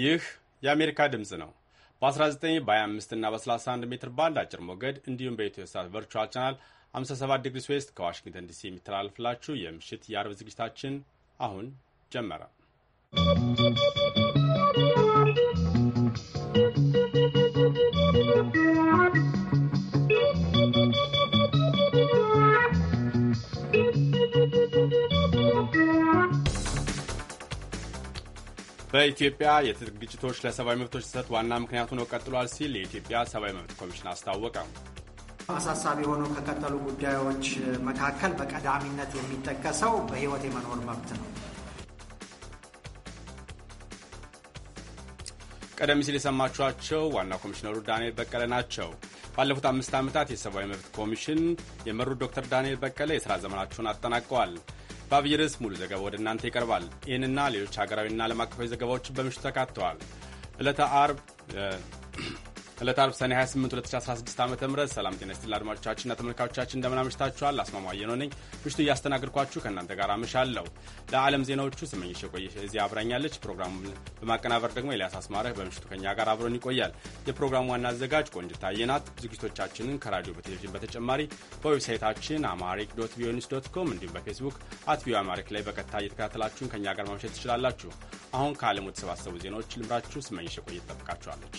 ይህ የአሜሪካ ድምፅ ነው። በ19 በ25 እና በ31 ሜትር ባንድ አጭር ሞገድ እንዲሁም በኢትዮ ሳት ቨርቹዋል ቻናል 57 ዲግሪ ስዌስት ከዋሽንግተን ዲሲ የሚተላለፍላችሁ የምሽት የአርብ ዝግጅታችን አሁን ጀመረ። በኢትዮጵያ የትጥቅ ግጭቶች ለሰብአዊ መብቶች ጥሰት ዋና ምክንያት ነው ቀጥሏል ሲል የኢትዮጵያ ሰብአዊ መብት ኮሚሽን አስታወቀ። አሳሳቢ የሆነው ከቀጠሉ ጉዳዮች መካከል በቀዳሚነት የሚጠቀሰው በህይወት የመኖር መብት ነው። ቀደም ሲል የሰማችኋቸው ዋና ኮሚሽነሩ ዳንኤል በቀለ ናቸው። ባለፉት አምስት ዓመታት የሰብአዊ መብት ኮሚሽን የመሩት ዶክተር ዳንኤል በቀለ የሥራ ዘመናቸውን አጠናቀዋል። በአብይ ርዕስ ሙሉ ዘገባ ወደ እናንተ ይቀርባል። ይህንና ሌሎች ሀገራዊና ዓለም አቀፋዊ ዘገባዎች በምሽቱ ተካተዋል። ዕለተ አርብ ዕለት አርብ ሰኔ 28 2016 ዓ ም ሰላም ጤና ይስጥልን አድማጮቻችንና ተመልካቾቻችን እንደምናመሽታችኋል። አስማማየ ነው ነኝ ምሽቱ እያስተናግድኳችሁ ከእናንተ ጋር አመሻለሁ። ለዓለም ዜናዎቹ ስመኝሽ የቆየ እዚህ አብራኛለች። ፕሮግራሙን በማቀናበር ደግሞ ኤልያስ አስማረህ በምሽቱ ከኛ ጋር አብሮን ይቆያል። የፕሮግራሙ ዋና አዘጋጅ ቆንጅት ታየናት ዝግጅቶቻችንን ከራዲዮ በቴሌቪዥን በተጨማሪ በዌብሳይታችን አማሪክ ዶት ቪኦኤ ዶት ኮም እንዲሁም በፌስቡክ አት ቪኦኤ አማሪክ ላይ በቀጥታ እየተከታተላችሁን ከእኛ ጋር ማምሸት ትችላላችሁ። አሁን ከዓለም የተሰባሰቡ ዜናዎች ልምራችሁ ስመኝሽ የቆየ ትጠብቃችኋለች።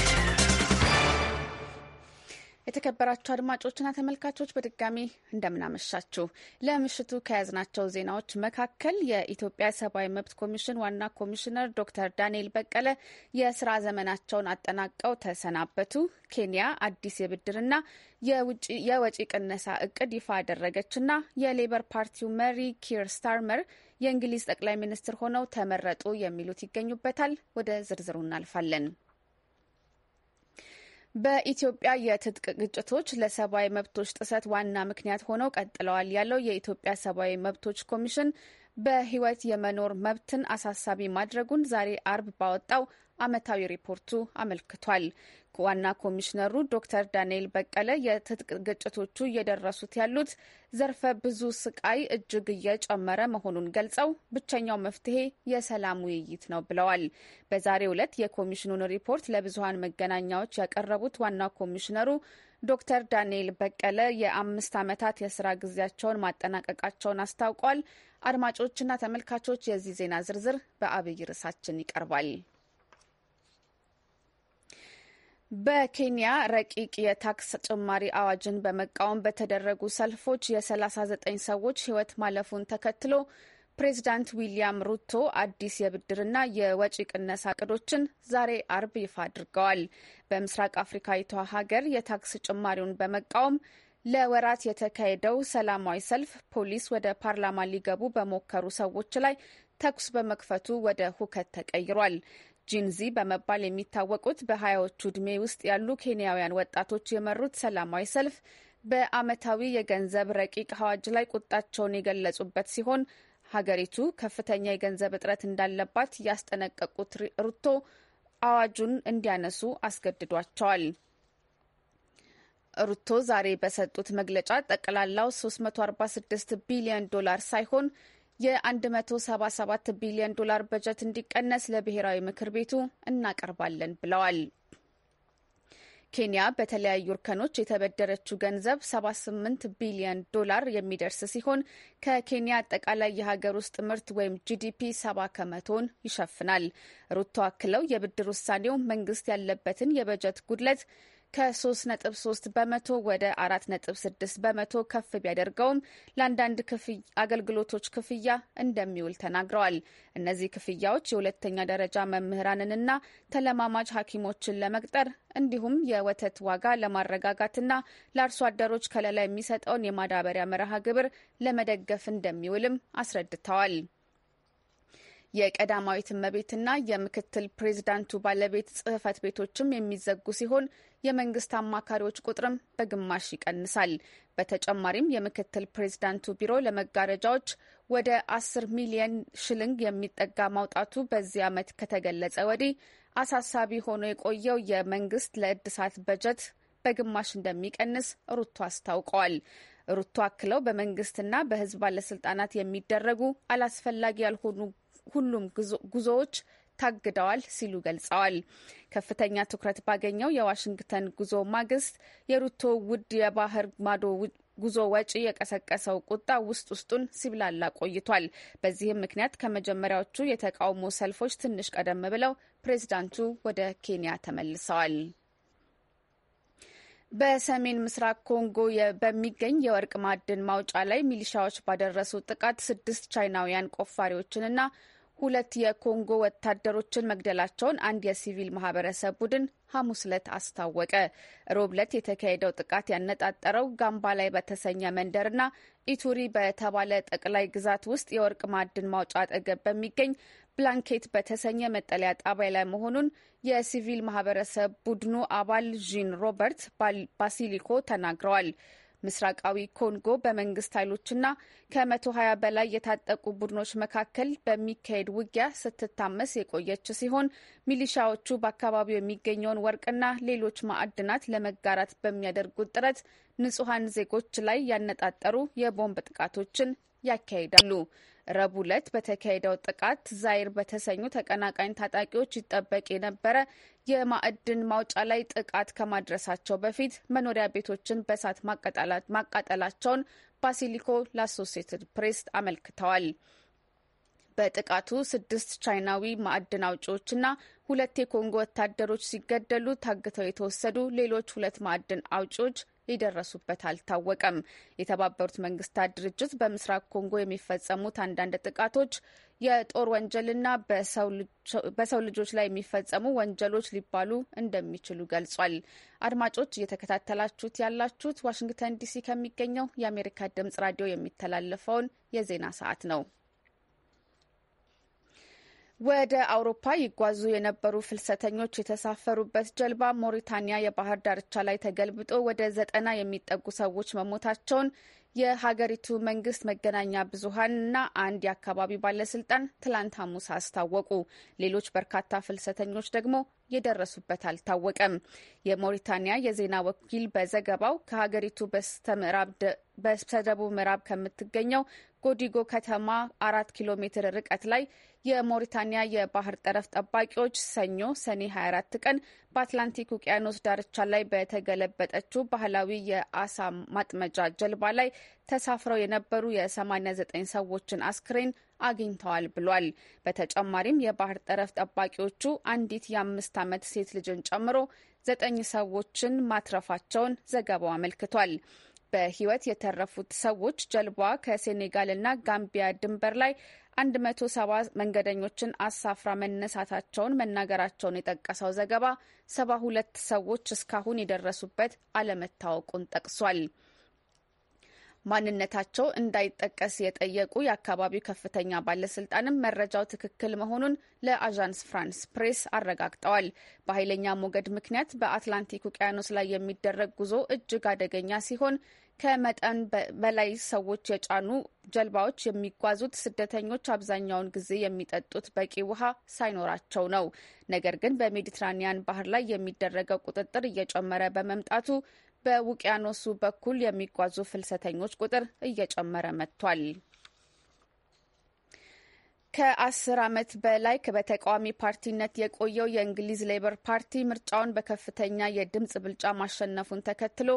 የተከበራችሁ አድማጮችና ተመልካቾች በድጋሚ እንደምናመሻችሁ። ለምሽቱ ከያዝናቸው ዜናዎች መካከል የኢትዮጵያ ሰብአዊ መብት ኮሚሽን ዋና ኮሚሽነር ዶክተር ዳንኤል በቀለ የስራ ዘመናቸውን አጠናቀው ተሰናበቱ፣ ኬንያ አዲስ የብድርና የወጪ ቅነሳ እቅድ ይፋ አደረገችና የሌበር ፓርቲው መሪ ኪር ስታርመር የእንግሊዝ ጠቅላይ ሚኒስትር ሆነው ተመረጡ የሚሉት ይገኙበታል። ወደ ዝርዝሩ እናልፋለን። በኢትዮጵያ የትጥቅ ግጭቶች ለሰብአዊ መብቶች ጥሰት ዋና ምክንያት ሆነው ቀጥለዋል ያለው የኢትዮጵያ ሰብአዊ መብቶች ኮሚሽን በህይወት የመኖር መብትን አሳሳቢ ማድረጉን ዛሬ አርብ ባወጣው ዓመታዊ ሪፖርቱ አመልክቷል። ዋና ኮሚሽነሩ ዶክተር ዳንኤል በቀለ የትጥቅ ግጭቶቹ እየደረሱት ያሉት ዘርፈ ብዙ ስቃይ እጅግ እየጨመረ መሆኑን ገልጸው ብቸኛው መፍትሄ የሰላም ውይይት ነው ብለዋል። በዛሬው ዕለት የኮሚሽኑን ሪፖርት ለብዙሀን መገናኛዎች ያቀረቡት ዋና ኮሚሽነሩ ዶክተር ዳንኤል በቀለ የአምስት ዓመታት የስራ ጊዜያቸውን ማጠናቀቃቸውን አስታውቋል። አድማጮችና ተመልካቾች የዚህ ዜና ዝርዝር በአብይ ርዕሳችን ይቀርባል። በኬንያ ረቂቅ የታክስ ጭማሪ አዋጅን በመቃወም በተደረጉ ሰልፎች የ39 ሰዎች ሕይወት ማለፉን ተከትሎ ፕሬዚዳንት ዊሊያም ሩቶ አዲስ የብድርና የወጪ ቅነሳ እቅዶችን ዛሬ አርብ ይፋ አድርገዋል። በምስራቅ አፍሪካዊቷ ሀገር የታክስ ጭማሪውን በመቃወም ለወራት የተካሄደው ሰላማዊ ሰልፍ ፖሊስ ወደ ፓርላማ ሊገቡ በሞከሩ ሰዎች ላይ ተኩስ በመክፈቱ ወደ ሁከት ተቀይሯል። ጂንዚ በመባል የሚታወቁት በሀያዎቹ ዕድሜ ውስጥ ያሉ ኬንያውያን ወጣቶች የመሩት ሰላማዊ ሰልፍ በአመታዊ የገንዘብ ረቂቅ አዋጅ ላይ ቁጣቸውን የገለጹበት ሲሆን ሀገሪቱ ከፍተኛ የገንዘብ እጥረት እንዳለባት ያስጠነቀቁት ሩቶ አዋጁን እንዲያነሱ አስገድዷቸዋል። ሩቶ ዛሬ በሰጡት መግለጫ ጠቅላላው 346 ቢሊዮን ዶላር ሳይሆን የ177 ቢሊዮን ዶላር በጀት እንዲቀነስ ለብሔራዊ ምክር ቤቱ እናቀርባለን ብለዋል። ኬንያ በተለያዩ እርከኖች የተበደረችው ገንዘብ 78 ቢሊዮን ዶላር የሚደርስ ሲሆን ከኬንያ አጠቃላይ የሀገር ውስጥ ምርት ወይም ጂዲፒ 70 ከመቶን ይሸፍናል። ሩቶ አክለው የብድር ውሳኔው መንግስት ያለበትን የበጀት ጉድለት ከ3.3 በመቶ ወደ 4.6 በመቶ ከፍ ቢያደርገውም ለአንዳንድ አገልግሎቶች ክፍያ እንደሚውል ተናግረዋል። እነዚህ ክፍያዎች የሁለተኛ ደረጃ መምህራንንና ተለማማጅ ሐኪሞችን ለመቅጠር እንዲሁም የወተት ዋጋ ለማረጋጋትና ለአርሶ አደሮች ከለላ የሚሰጠውን የማዳበሪያ መርሃ ግብር ለመደገፍ እንደሚውልም አስረድተዋል። የቀዳማዊት እመቤትና የምክትል ፕሬዚዳንቱ ባለቤት ጽህፈት ቤቶችም የሚዘጉ ሲሆን የመንግስት አማካሪዎች ቁጥርም በግማሽ ይቀንሳል። በተጨማሪም የምክትል ፕሬዚዳንቱ ቢሮ ለመጋረጃዎች ወደ አስር ሚሊየን ሽልንግ የሚጠጋ ማውጣቱ በዚህ ዓመት ከተገለጸ ወዲህ አሳሳቢ ሆኖ የቆየው የመንግስት ለእድሳት በጀት በግማሽ እንደሚቀንስ ሩቶ አስታውቀዋል። ሩቶ አክለው በመንግስትና በህዝብ ባለስልጣናት የሚደረጉ አላስፈላጊ ያልሆኑ ሁሉም ጉዞዎች ታግደዋል ሲሉ ገልጸዋል። ከፍተኛ ትኩረት ባገኘው የዋሽንግተን ጉዞ ማግስት የሩቶ ውድ የባህር ማዶ ጉዞ ወጪ የቀሰቀሰው ቁጣ ውስጥ ውስጡን ሲብላላ ቆይቷል። በዚህም ምክንያት ከመጀመሪያዎቹ የተቃውሞ ሰልፎች ትንሽ ቀደም ብለው ፕሬዚዳንቱ ወደ ኬንያ ተመልሰዋል። በሰሜን ምስራቅ ኮንጎ በሚገኝ የወርቅ ማዕድን ማውጫ ላይ ሚሊሻዎች ባደረሱ ጥቃት ስድስት ቻይናውያን ቆፋሪዎችንና ሁለት የኮንጎ ወታደሮችን መግደላቸውን አንድ የሲቪል ማህበረሰብ ቡድን ሐሙስ ዕለት አስታወቀ። ሮብ ዕለት የተካሄደው ጥቃት ያነጣጠረው ጋምባ ላይ በተሰኘ መንደርና ኢቱሪ በተባለ ጠቅላይ ግዛት ውስጥ የወርቅ ማዕድን ማውጫ አጠገብ በሚገኝ ብላንኬት በተሰኘ መጠለያ ጣቢያ ላይ መሆኑን የሲቪል ማህበረሰብ ቡድኑ አባል ዢን ሮበርት ባሲሊኮ ተናግረዋል። ምስራቃዊ ኮንጎ በመንግስት ኃይሎችና ከ120 በላይ የታጠቁ ቡድኖች መካከል በሚካሄድ ውጊያ ስትታመስ የቆየች ሲሆን ሚሊሻዎቹ በአካባቢው የሚገኘውን ወርቅና ሌሎች ማዕድናት ለመጋራት በሚያደርጉት ጥረት ንጹሐን ዜጎች ላይ ያነጣጠሩ የቦምብ ጥቃቶችን ያካሂዳሉ። ረቡዕ ዕለት በተካሄደው ጥቃት ዛይር በተሰኙ ተቀናቃኝ ታጣቂዎች ይጠበቅ የነበረ የማዕድን ማውጫ ላይ ጥቃት ከማድረሳቸው በፊት መኖሪያ ቤቶችን በእሳት ማቃጠላቸውን ባሲሊኮ ለአሶሴትድ ፕሬስ አመልክተዋል። በጥቃቱ ስድስት ቻይናዊ ማዕድን አውጪዎችና ሁለት የኮንጎ ወታደሮች ሲገደሉ ታግተው የተወሰዱ ሌሎች ሁለት ማዕድን አውጪዎች የደረሱበት አልታወቀም። የተባበሩት መንግስታት ድርጅት በምስራቅ ኮንጎ የሚፈጸሙት አንዳንድ ጥቃቶች የጦር ወንጀልና በሰው ልጆች ላይ የሚፈጸሙ ወንጀሎች ሊባሉ እንደሚችሉ ገልጿል። አድማጮች እየተከታተላችሁት ያላችሁት ዋሽንግተን ዲሲ ከሚገኘው የአሜሪካ ድምጽ ራዲዮ የሚተላለፈውን የዜና ሰዓት ነው። ወደ አውሮፓ ይጓዙ የነበሩ ፍልሰተኞች የተሳፈሩበት ጀልባ ሞሪታኒያ የባህር ዳርቻ ላይ ተገልብጦ ወደ ዘጠና የሚጠጉ ሰዎች መሞታቸውን የሀገሪቱ መንግስት መገናኛ እና አንድ የአካባቢ ባለስልጣን ትላንት ሐሙስ አስታወቁ። ሌሎች በርካታ ፍልሰተኞች ደግሞ የደረሱበት አልታወቀም። የሞሪታኒያ የዜና ወኪል በዘገባው ከሀገሪቱ በስተ ምዕራብ በስተደቡብ ምዕራብ ከምትገኘው ጎዲጎ ከተማ አራት ኪሎ ሜትር ርቀት ላይ የሞሪታኒያ የባህር ጠረፍ ጠባቂዎች ሰኞ ሰኔ 24 ቀን በአትላንቲክ ውቅያኖስ ዳርቻ ላይ በተገለበጠችው ባህላዊ የአሳ ማጥመጃ ጀልባ ላይ ተሳፍረው የነበሩ የ89 ሰዎችን አስክሬን አግኝተዋል ብሏል። በተጨማሪም የባህር ጠረፍ ጠባቂዎቹ አንዲት የአምስት ዓመት ሴት ልጅን ጨምሮ ዘጠኝ ሰዎችን ማትረፋቸውን ዘገባው አመልክቷል። በህይወት የተረፉት ሰዎች ጀልባዋ ከሴኔጋልና ጋምቢያ ድንበር ላይ 170 መንገደኞችን አሳፍራ መነሳታቸውን መናገራቸውን የጠቀሰው ዘገባ 72 ሰዎች እስካሁን የደረሱበት አለመታወቁን ጠቅሷል። ማንነታቸው እንዳይጠቀስ የጠየቁ የአካባቢው ከፍተኛ ባለስልጣንም መረጃው ትክክል መሆኑን ለአዣንስ ፍራንስ ፕሬስ አረጋግጠዋል። በኃይለኛ ሞገድ ምክንያት በአትላንቲክ ውቅያኖስ ላይ የሚደረግ ጉዞ እጅግ አደገኛ ሲሆን ከመጠን በላይ ሰዎች የጫኑ ጀልባዎች የሚጓዙት ስደተኞች አብዛኛውን ጊዜ የሚጠጡት በቂ ውሃ ሳይኖራቸው ነው። ነገር ግን በሜዲትራኒያን ባህር ላይ የሚደረገው ቁጥጥር እየጨመረ በመምጣቱ በውቅያኖሱ በኩል የሚጓዙ ፍልሰተኞች ቁጥር እየጨመረ መጥቷል። ከአስር ዓመት በላይ በተቃዋሚ ፓርቲነት የቆየው የእንግሊዝ ሌበር ፓርቲ ምርጫውን በከፍተኛ የድምፅ ብልጫ ማሸነፉን ተከትሎ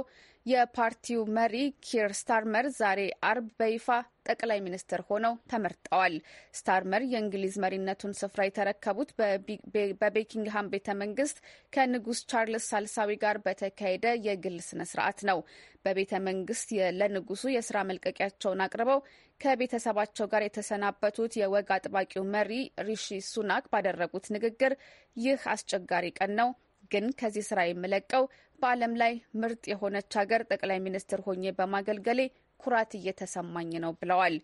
የፓርቲው መሪ ኪር ስታርመር ዛሬ አርብ በይፋ ጠቅላይ ሚኒስትር ሆነው ተመርጠዋል። ስታርመር የእንግሊዝ መሪነቱን ስፍራ የተረከቡት በቤኪንግሃም ቤተ መንግስት ከንጉስ ቻርልስ ሳልሳዊ ጋር በተካሄደ የግል ስነ ስርዓት ነው። በቤተ መንግስት ለንጉሱ የስራ መልቀቂያቸውን አቅርበው ከቤተሰባቸው ጋር የተሰናበቱት የወግ አጥባቂው መሪ ሪሺ ሱናክ ባደረጉት ንግግር ይህ አስቸጋሪ ቀን ነው ግን ከዚህ ስራ የምለቀው በዓለም ላይ ምርጥ የሆነች ሀገር ጠቅላይ ሚኒስትር ሆኜ በማገልገሌ ኩራት እየተሰማኝ ነው ብለዋል።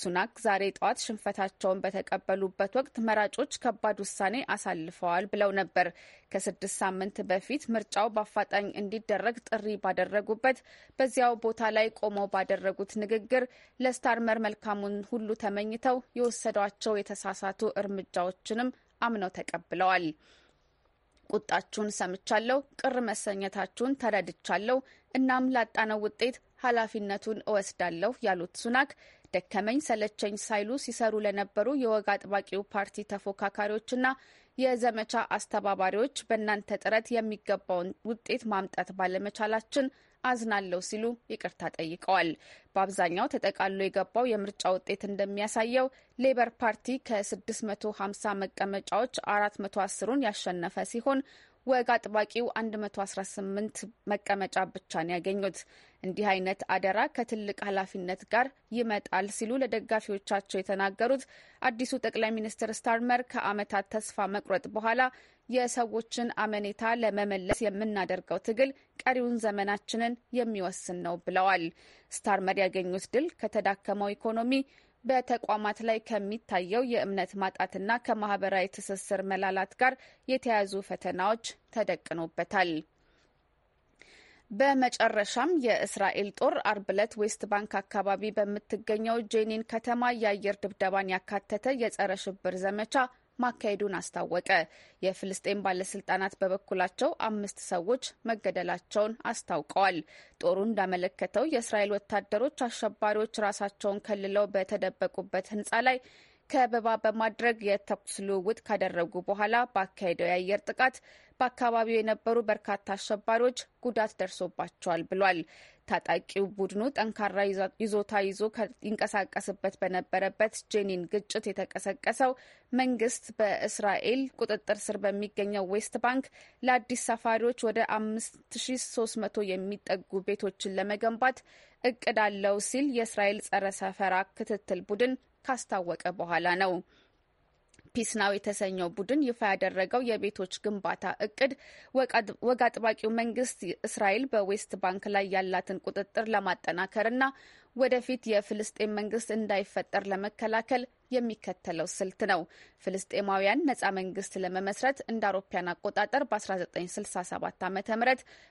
ሱናክ ዛሬ ጠዋት ሽንፈታቸውን በተቀበሉበት ወቅት መራጮች ከባድ ውሳኔ አሳልፈዋል ብለው ነበር። ከስድስት ሳምንት በፊት ምርጫው በአፋጣኝ እንዲደረግ ጥሪ ባደረጉበት በዚያው ቦታ ላይ ቆመው ባደረጉት ንግግር ለስታርመር መልካሙን ሁሉ ተመኝተው የወሰዷቸው የተሳሳቱ እርምጃዎችንም አምነው ተቀብለዋል። ቁጣችሁን ሰምቻለሁ፣ ቅር መሰኘታችሁን ተረድቻለሁ። እናም ላጣነው ውጤት ኃላፊነቱን እወስዳለሁ ያሉት ሱናክ ደከመኝ ሰለቸኝ ሳይሉ ሲሰሩ ለነበሩ የወግ አጥባቂው ፓርቲ ተፎካካሪዎችና የዘመቻ አስተባባሪዎች በእናንተ ጥረት የሚገባውን ውጤት ማምጣት ባለመቻላችን አዝናለሁ ሲሉ ይቅርታ ጠይቀዋል። በአብዛኛው ተጠቃሎ የገባው የምርጫ ውጤት እንደሚያሳየው ሌበር ፓርቲ ከ650 መቀመጫዎች 410ሩን ያሸነፈ ሲሆን ወግ አጥባቂው 118 መቀመጫ ብቻ ነው ያገኙት። እንዲህ አይነት አደራ ከትልቅ ኃላፊነት ጋር ይመጣል ሲሉ ለደጋፊዎቻቸው የተናገሩት አዲሱ ጠቅላይ ሚኒስትር ስታርመር ከዓመታት ተስፋ መቁረጥ በኋላ የሰዎችን አመኔታ ለመመለስ የምናደርገው ትግል ቀሪውን ዘመናችንን የሚወስን ነው ብለዋል። ስታርመር ያገኙት ድል ከተዳከመው ኢኮኖሚ በተቋማት ላይ ከሚታየው የእምነት ማጣትና ከማህበራዊ ትስስር መላላት ጋር የተያያዙ ፈተናዎች ተደቅኖበታል። በመጨረሻም የእስራኤል ጦር አርብ ዕለት ዌስት ባንክ አካባቢ በምትገኘው ጄኒን ከተማ የአየር ድብደባን ያካተተ የጸረ ሽብር ዘመቻ ማካሄዱን አስታወቀ። የፍልስጤን ባለስልጣናት በበኩላቸው አምስት ሰዎች መገደላቸውን አስታውቀዋል። ጦሩ እንዳመለከተው የእስራኤል ወታደሮች አሸባሪዎች ራሳቸውን ከልለው በተደበቁበት ህንፃ ላይ ከበባ በማድረግ የተኩስ ልውውጥ ካደረጉ በኋላ ባካሄደው የአየር ጥቃት በአካባቢው የነበሩ በርካታ አሸባሪዎች ጉዳት ደርሶባቸዋል ብሏል። ታጣቂው ቡድኑ ጠንካራ ይዞታ ይዞ ይንቀሳቀስበት በነበረበት ጄኒን ግጭት የተቀሰቀሰው መንግስት በእስራኤል ቁጥጥር ስር በሚገኘው ዌስት ባንክ ለአዲስ ሰፋሪዎች ወደ 5300 የሚጠጉ ቤቶችን ለመገንባት እቅድ አለው ሲል የእስራኤል ጸረ ሰፈራ ክትትል ቡድን ካስታወቀ በኋላ ነው። ፒስናው የተሰኘው ቡድን ይፋ ያደረገው የቤቶች ግንባታ እቅድ ወግ አጥባቂው መንግስት እስራኤል በዌስት ባንክ ላይ ያላትን ቁጥጥር ለማጠናከርና ወደፊት የፍልስጤን መንግስት እንዳይፈጠር ለመከላከል የሚከተለው ስልት ነው። ፍልስጤማውያን ነጻ መንግስት ለመመስረት እንደ አውሮፓያን አቆጣጠር በ1967 ዓ ም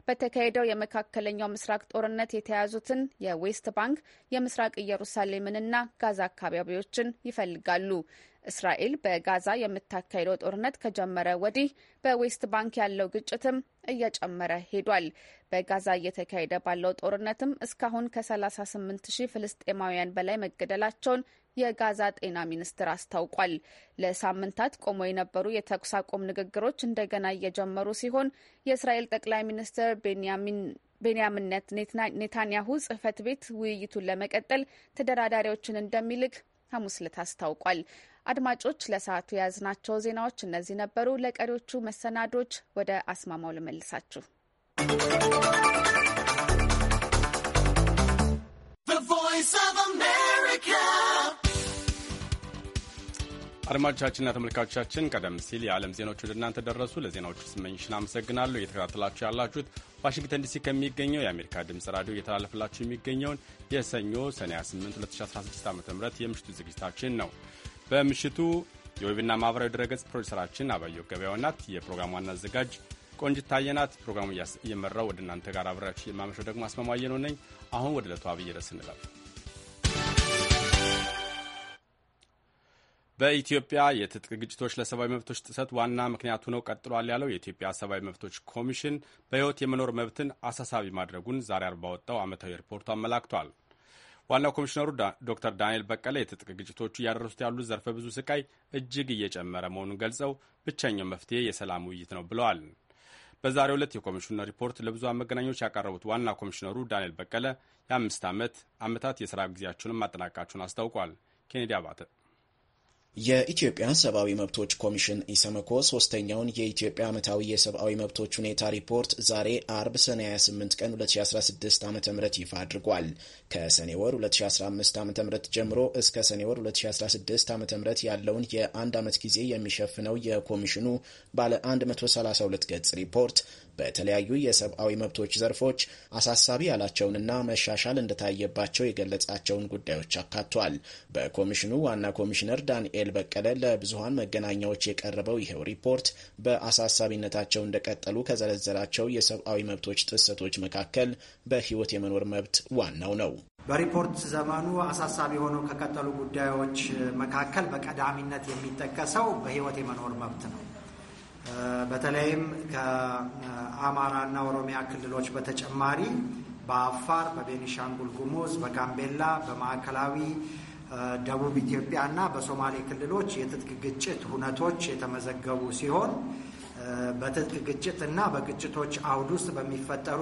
በተካሄደው የመካከለኛው ምስራቅ ጦርነት የተያዙትን የዌስት ባንክ የምስራቅ ኢየሩሳሌምንና ጋዛ አካባቢዎችን ይፈልጋሉ። እስራኤል በጋዛ የምታካሄደው ጦርነት ከጀመረ ወዲህ በዌስት ባንክ ያለው ግጭትም እየጨመረ ሄዷል። በጋዛ እየተካሄደ ባለው ጦርነትም እስካሁን ከ38 ሺህ ፍልስጤማውያን በላይ መገደላቸውን የጋዛ ጤና ሚኒስቴር አስታውቋል። ለሳምንታት ቆሞ የነበሩ የተኩስ አቁም ንግግሮች እንደገና እየጀመሩ ሲሆን የእስራኤል ጠቅላይ ሚኒስትር ቤንያሚን ቤንያምነት ኔታንያሁ ጽህፈት ቤት ውይይቱን ለመቀጠል ተደራዳሪዎችን እንደሚልክ ሐሙስ ዕለት አስታውቋል። አድማጮች ለሰዓቱ የያዝናቸው ዜናዎች እነዚህ ነበሩ። ለቀሪዎቹ መሰናዶች ወደ አስማማው ልመልሳችሁ። አድማጮቻችንና ተመልካቾቻችን ቀደም ሲል የዓለም ዜናዎች ወደ እናንተ ደረሱ። ለዜናዎቹ ስመኝሽን አመሰግናለሁ። እየተከታተላችሁ ያላችሁት ዋሽንግተን ዲሲ ከሚገኘው የአሜሪካ ድምፅ ራዲዮ እየተላለፈላችሁ የሚገኘውን የሰኞ ሰኔ 8 2016 ዓ ም የምሽቱ ዝግጅታችን ነው። በምሽቱ የዌብና ማኅበራዊ ድረገጽ ፕሮዲሰራችን አባየሁ ገበያው ናት። የፕሮግራሙ ዋና አዘጋጅ ቆንጅት ታየናት። ፕሮግራሙ እየመራው ወደ እናንተ ጋር አብራችሁ የማመሸው ደግሞ አስማማየ ነው ነኝ። አሁን ወደ ዕለቱ አብይ ርዕስ በኢትዮጵያ የትጥቅ ግጭቶች ለሰብአዊ መብቶች ጥሰት ዋና ምክንያቱ ነው ቀጥሏል ያለው የኢትዮጵያ ሰብአዊ መብቶች ኮሚሽን በሕይወት የመኖር መብትን አሳሳቢ ማድረጉን ዛሬ አርባ ወጣው ዓመታዊ ሪፖርቱ አመላክቷል። ዋናው ኮሚሽነሩ ዶክተር ዳንኤል በቀለ የትጥቅ ግጭቶቹ እያደረሱት ያሉት ዘርፈ ብዙ ስቃይ እጅግ እየጨመረ መሆኑን ገልጸው ብቸኛው መፍትሄ የሰላም ውይይት ነው ብለዋል። በዛሬው ዕለት የኮሚሽኑ ሪፖርት ለብዙሃን መገናኞች ያቀረቡት ዋና ኮሚሽነሩ ዳንኤል በቀለ የአምስት ዓመት ዓመታት የሥራ ጊዜያችሁንም ማጠናቃቸውን አስታውቋል። ኬኔዲ አባተ የኢትዮጵያ ሰብአዊ መብቶች ኮሚሽን ኢሰመኮ ሶስተኛውን የኢትዮጵያ ዓመታዊ የሰብአዊ መብቶች ሁኔታ ሪፖርት ዛሬ አርብ ሰኔ 28 ቀን 2016 ዓ ም ይፋ አድርጓል። ከሰኔ ወር 2015 ዓ ም ጀምሮ እስከ ሰኔ ወር 2016 ዓ ም ያለውን የአንድ ዓመት ጊዜ የሚሸፍነው የኮሚሽኑ ባለ 132 ገጽ ሪፖርት በተለያዩ የሰብአዊ መብቶች ዘርፎች አሳሳቢ ያላቸውንና መሻሻል እንደታየባቸው የገለጻቸውን ጉዳዮች አካቷል። በኮሚሽኑ ዋና ኮሚሽነር ዳንኤል በቀለ ለብዙሃን መገናኛዎች የቀረበው ይኸው ሪፖርት በአሳሳቢነታቸው እንደቀጠሉ ከዘረዘራቸው የሰብአዊ መብቶች ጥሰቶች መካከል በህይወት የመኖር መብት ዋናው ነው። በሪፖርት ዘመኑ አሳሳቢ ሆነው ከቀጠሉ ጉዳዮች መካከል በቀዳሚነት የሚጠቀሰው በህይወት የመኖር መብት ነው። በተለይም ከአማራና ኦሮሚያ ክልሎች በተጨማሪ በአፋር፣ በቤኒሻንጉል ጉሙዝ፣ በጋምቤላ፣ በማዕከላዊ ደቡብ ኢትዮጵያ በሶማሌ ክልሎች የትጥቅ ግጭት ሁነቶች የተመዘገቡ ሲሆን በትጥቅ ግጭት እና በግጭቶች አውድ ውስጥ በሚፈጠሩ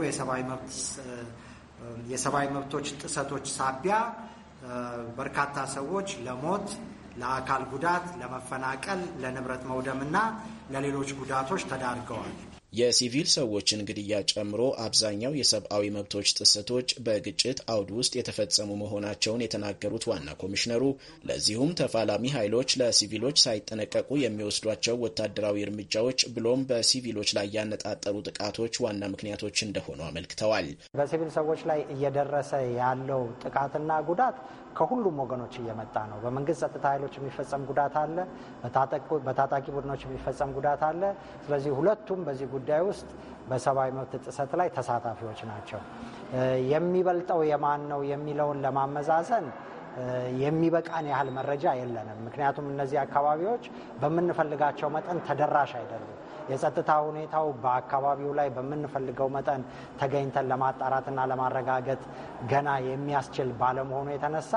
የሰብአዊ መብቶች ጥሰቶች ሳቢያ በርካታ ሰዎች ለሞት ለአካል ጉዳት፣ ለመፈናቀል፣ ለንብረት መውደምና ለሌሎች ጉዳቶች ተዳርገዋል። የሲቪል ሰዎችን ግድያ ጨምሮ አብዛኛው የሰብአዊ መብቶች ጥሰቶች በግጭት አውድ ውስጥ የተፈጸሙ መሆናቸውን የተናገሩት ዋና ኮሚሽነሩ ለዚሁም ተፋላሚ ኃይሎች ለሲቪሎች ሳይጠነቀቁ የሚወስዷቸው ወታደራዊ እርምጃዎች ብሎም በሲቪሎች ላይ ያነጣጠሩ ጥቃቶች ዋና ምክንያቶች እንደሆኑ አመልክተዋል። በሲቪል ሰዎች ላይ እየደረሰ ያለው ጥቃትና ጉዳት ከሁሉም ወገኖች እየመጣ ነው። በመንግስት ጸጥታ ኃይሎች የሚፈጸም ጉዳት አለ፣ በታጣቂ ቡድኖች የሚፈጸም ጉዳት አለ። ስለዚህ ሁለቱም በዚህ ጉዳይ ውስጥ በሰብአዊ መብት ጥሰት ላይ ተሳታፊዎች ናቸው። የሚበልጠው የማን ነው የሚለውን ለማመዛዘን የሚበቃን ያህል መረጃ የለንም። ምክንያቱም እነዚህ አካባቢዎች በምንፈልጋቸው መጠን ተደራሽ አይደሉም። የጸጥታ ሁኔታው በአካባቢው ላይ በምንፈልገው መጠን ተገኝተን ለማጣራትና ለማረጋገጥ ገና የሚያስችል ባለመሆኑ የተነሳ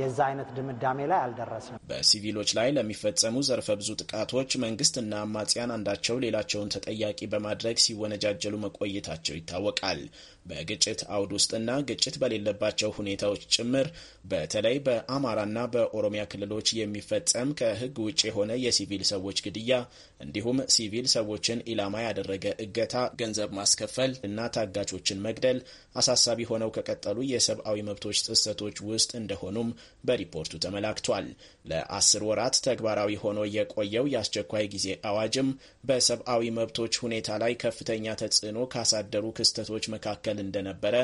የዛ አይነት ድምዳሜ ላይ አልደረስንም። በሲቪሎች ላይ ለሚፈጸሙ ዘርፈ ብዙ ጥቃቶች መንግስትና አማጽያን አንዳቸው ሌላቸውን ተጠያቂ በማድረግ ሲወነጃጀሉ መቆየታቸው ይታወቃል። በግጭት አውድ ውስጥና ግጭት በሌለባቸው ሁኔታዎች ጭምር በተለይ በአማራና በኦሮሚያ ክልሎች የሚፈጸም ከህግ ውጭ የሆነ የሲቪል ሰዎች ግድያ እንዲሁም ሲቪል ሰዎችን ኢላማ ያደረገ እገታ፣ ገንዘብ ማስከፈል እና ታጋቾችን መግደል አሳሳቢ ሆነው ከቀጠሉ የሰብአዊ መብቶች ጥሰቶች ውስጥ እንደሆኑም በሪፖርቱ ተመላክቷል። ለአስር ወራት ተግባራዊ ሆኖ የቆየው የአስቸኳይ ጊዜ አዋጅም በሰብአዊ መብቶች ሁኔታ ላይ ከፍተኛ ተጽዕኖ ካሳደሩ ክስተቶች መካከል እንደነበረ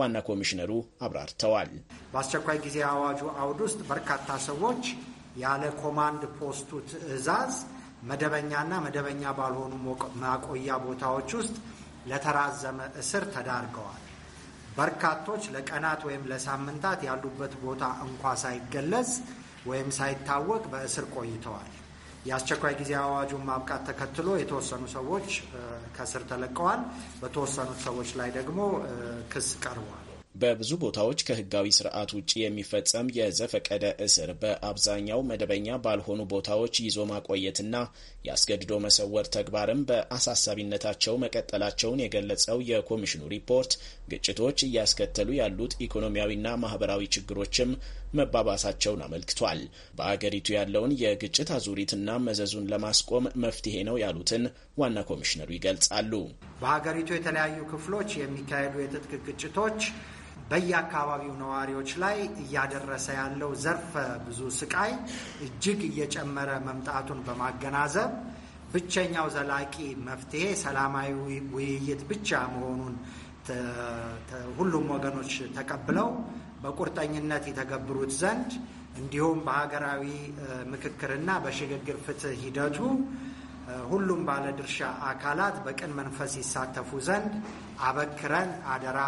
ዋና ኮሚሽነሩ አብራርተዋል። በአስቸኳይ ጊዜ አዋጁ አውድ ውስጥ በርካታ ሰዎች ያለ ኮማንድ ፖስቱ ትዕዛዝ መደበኛና መደበኛ ባልሆኑ ማቆያ ቦታዎች ውስጥ ለተራዘመ እስር ተዳርገዋል። በርካቶች ለቀናት ወይም ለሳምንታት ያሉበት ቦታ እንኳ ሳይገለጽ ወይም ሳይታወቅ በእስር ቆይተዋል። የአስቸኳይ ጊዜ አዋጁን ማብቃት ተከትሎ የተወሰኑ ሰዎች ከእስር ተለቀዋል። በተወሰኑት ሰዎች ላይ ደግሞ ክስ ቀርቧል። በብዙ ቦታዎች ከህጋዊ ስርዓት ውጭ የሚፈጸም የዘፈቀደ እስር በአብዛኛው መደበኛ ባልሆኑ ቦታዎች ይዞ ማቆየትና የአስገድዶ መሰወር ተግባርም በአሳሳቢነታቸው መቀጠላቸውን የገለጸው የኮሚሽኑ ሪፖርት ግጭቶች እያስከተሉ ያሉት ኢኮኖሚያዊና ማህበራዊ ችግሮችም መባባሳቸውን አመልክቷል። በአገሪቱ ያለውን የግጭት አዙሪትና መዘዙን ለማስቆም መፍትሄ ነው ያሉትን ዋና ኮሚሽነሩ ይገልጻሉ። በሀገሪቱ የተለያዩ ክፍሎች የሚካሄዱ የትጥቅ ግጭቶች በየአካባቢው ነዋሪዎች ላይ እያደረሰ ያለው ዘርፈ ብዙ ስቃይ እጅግ እየጨመረ መምጣቱን በማገናዘብ ብቸኛው ዘላቂ መፍትሄ ሰላማዊ ውይይት ብቻ መሆኑን ሁሉም ወገኖች ተቀብለው በቁርጠኝነት የተገብሩት ዘንድ እንዲሁም በሀገራዊ ምክክርና በሽግግር ፍትህ ሂደቱ ሁሉም ባለድርሻ አካላት በቅን መንፈስ ይሳተፉ ዘንድ አበክረን አደራ